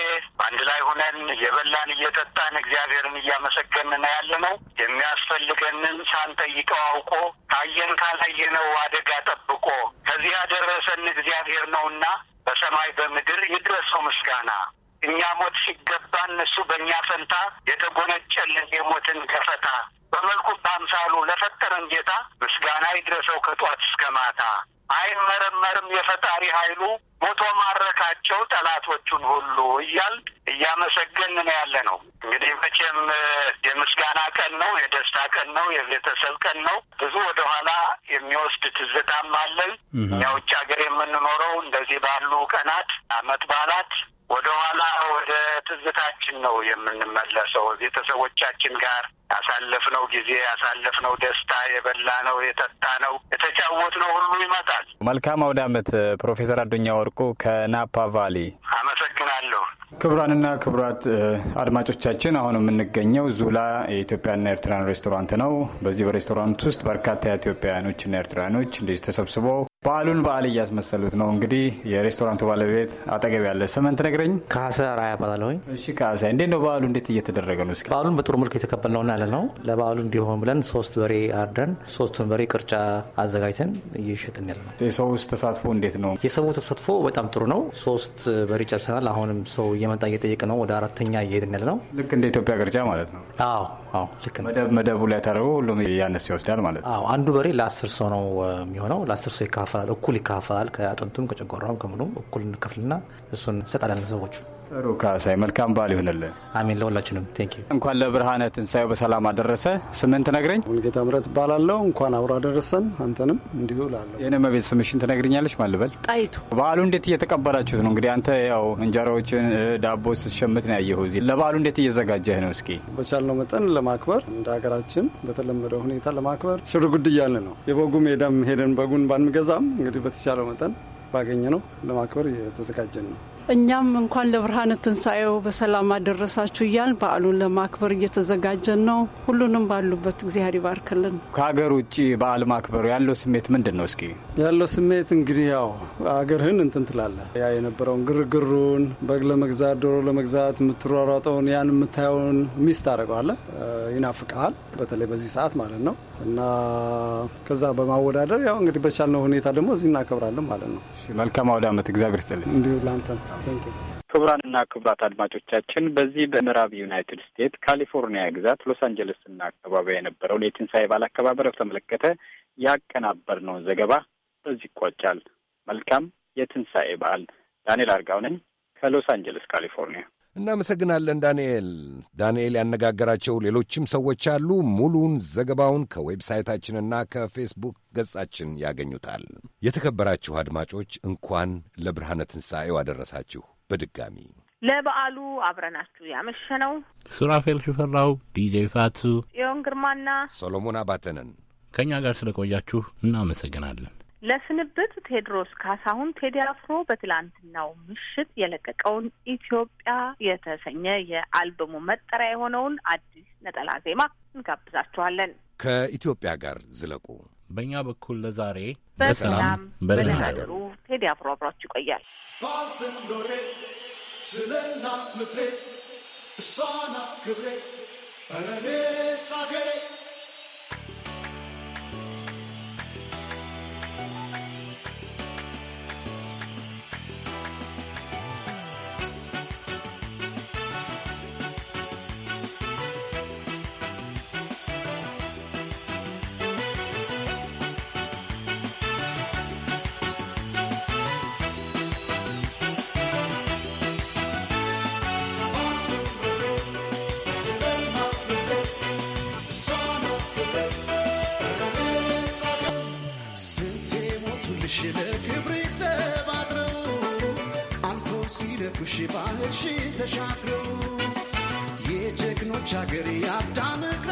አንድ ላይ ሁነን የበላን እየጠጣን እግዚአብሔርን እያመሰገን ነው ያለ ነው። የሚያስፈልገንን ሳንጠይቀው አውቆ ካየን ካላየነው አደጋ ጠብቆ ከዚህ ያደረሰን እግዚአብሔር ነውና በሰማይ በምድር ይድረሰው ምስጋና። እኛ ሞት ሲገባን እሱ በእኛ ፈንታ የተጎነጨልን የሞትን ከፈታ በመልኩ በአምሳሉ ለፈጠረን ጌታ ምስጋና ይድረሰው ከጧት እስከ ማታ። አይመረመርም የፈጣሪ ኃይሉ ሞቶ ማረካቸው ጠላቶቹን ሁሉ እያል እያመሰገን ነው ያለ ነው። እንግዲህ መቼም የምስጋና ቀን ነው፣ የደስታ ቀን ነው፣ የቤተሰብ ቀን ነው። ብዙ ወደኋላ የሚወስድ ትዝታም አለን። እኛ ውጭ ሀገር የምንኖረው እንደዚህ ባሉ ቀናት፣ አመት በዓላት ወደኋላ ወደ ትዝታችን ነው የምንመለሰው። ቤተሰቦቻችን ጋር ያሳለፍነው ጊዜ ያሳለፍነው ደስታ፣ የበላነው፣ የተጫወት ነው ሁሉ ይመጣል። መልካም አውደ ዓመት ፕሮፌሰር አዱኛ ወርቁ ከናፓ ቫሊ አመሰግናለሁ። ክቡራንና ክቡራት አድማጮቻችን አሁን የምንገኘው ዙላ የኢትዮጵያና ኤርትራን ሬስቶራንት ነው። በዚህ በሬስቶራንት ውስጥ በርካታ ኢትዮጵያውያኖችና ኤርትራውያኖች እንደዚህ ተሰብስበው በዓሉን በዓል እያስመሰሉት ነው። እንግዲህ የሬስቶራንቱ ባለቤት አጠገብ ያለ ስምን ትነግረኝ? ካሳ ራያ እባላለሁ። እሺ ካሳ፣ እንዴት ነው በዓሉ እንዴት እየተደረገ ነው? እስኪ በዓሉን በጥሩ መልክ የተቀበልነው ያለ ነው። ለበዓሉ እንዲሆን ብለን ሶስት በሬ አርደን ሶስቱን በሬ ቅርጫ አዘጋጅተን እየሸጥን ያለ ነው። ውስጥ ተሳትፎ እንዴት ነው? የሰው ተሳትፎ በጣም ጥሩ ነው። ሶስት በሬ ጨርሰናል። አሁንም ሰው እየመጣ እየጠየቅ ነው። ወደ አራተኛ እየሄድን ያለ ነው። ልክ እንደ ኢትዮጵያ ቅርጫ ማለት ነው። አዎ መደቡ ላይ ተደርጎ ሁሉም ያነሱ ይወስዳል ማለት ነው። አንዱ በሬ ለአስር ሰው ነው የሚሆነው። ለአስር ሰው ይካፈላል፣ እኩል ይካፈላል። ከአጥንቱም ከጨጓራም ከምኑም እኩል እንከፍልና እሱን እንሰጣለን ሰዎቹ ጥሩ ካሳይ፣ መልካም በዓል ይሆንልን። አሜን። ለሁላችንም ቴንክ ዩ። እንኳን ለብርሃነ ትንሳኤው በሰላም አደረሰ። ስምን ትነግረኝ? ሙልጌታ ምረት እባላለሁ። እንኳን አብሮ አደረሰን። አንተንም እንዲሁ ላለሁ የኔ መቤት ስምሽን ትነግርኛለች? ማልበል ጣይቱ። በዓሉ እንዴት እየተቀበላችሁት ነው? እንግዲህ አንተ ያው እንጀራዎችን ዳቦ ስትሸምት ነው ያየሁ እዚህ። ለበዓሉ እንዴት እየዘጋጀህ ነው? እስኪ በቻልነው መጠን ለማክበር እንደ ሀገራችን በተለመደው ሁኔታ ለማክበር ሽርጉድ እያለ ነው። የበጉ ሜዳም ሄደን በጉን ባንገዛም እንግዲህ በተቻለው መጠን ባገኘ ነው ለማክበር እየተዘጋጀን ነው። እኛም እንኳን ለብርሃነ ትንሣኤው በሰላም አደረሳችሁ እያል በዓሉን ለማክበር እየተዘጋጀን ነው። ሁሉንም ባሉበት እግዚአብሔር ይባርክልን። ከሀገር ውጭ በዓል ማክበሩ ያለው ስሜት ምንድን ነው? እስኪ ያለው ስሜት እንግዲህ ያው አገርህን እንትን ትላለህ። ያ የነበረውን ግርግሩን፣ በግ ለመግዛት ዶሮ ለመግዛት የምትሯሯጠውን ያን የምታየውን ሚስ ታደርገዋለህ። ይናፍቀሃል፣ በተለይ በዚህ ሰዓት ማለት ነው እና ከዛ በማወዳደር ያው እንግዲህ በቻልነው ሁኔታ ደግሞ እዚህ እናከብራለን ማለት ነው። መልካም አውደ ዓመት። እግዚአብሔር ይስጥልኝ። እንዲሁ ለአንተ ክቡራንና ክቡራት አድማጮቻችን በዚህ በምዕራብ ዩናይትድ ስቴትስ ካሊፎርኒያ ግዛት ሎስ አንጀለስና አካባቢዋ የነበረውን የትንሣኤ በዓል አከባበር በተመለከተ ያቀናበርነውን ዘገባ በዚህ ይቋጫል። መልካም የትንሣኤ በዓል። ዳንኤል አርጋው ነኝ ከሎስ አንጀለስ ካሊፎርኒያ። እናመሰግናለን ዳንኤል። ዳንኤል ያነጋገራቸው ሌሎችም ሰዎች አሉ። ሙሉውን ዘገባውን ከዌብሳይታችንና ከፌስቡክ ገጻችን ያገኙታል። የተከበራችሁ አድማጮች እንኳን ለብርሃነ ትንሣኤው አደረሳችሁ። በድጋሚ ለበዓሉ አብረናችሁ ያመሸነው ሱራፌል ሽፈራው፣ ዲጄ ፋቱ፣ ጽዮን ግርማና ሶሎሞን አባተንን ከእኛ ጋር ስለቆያችሁ እናመሰግናለን። ለስንብት ቴድሮስ ካሳሁን ቴዲ አፍሮ በትላንትናው ምሽት የለቀቀውን ኢትዮጵያ የተሰኘ የአልበሙ መጠሪያ የሆነውን አዲስ ነጠላ ዜማ እንጋብዛችኋለን። ከኢትዮጵያ ጋር ዝለቁ። በእኛ በኩል ለዛሬ በሰላም በደህና ቴዲ አፍሮ አብሯችሁ ይቆያል። ባንዶሬ ስለ እናት ምድሬ እሷ ናት ክብሬ እኔ ሳገሬ ኩሽ ባህል ሺ ተሻግረው የጀግኖች አገር ያዳምቅራ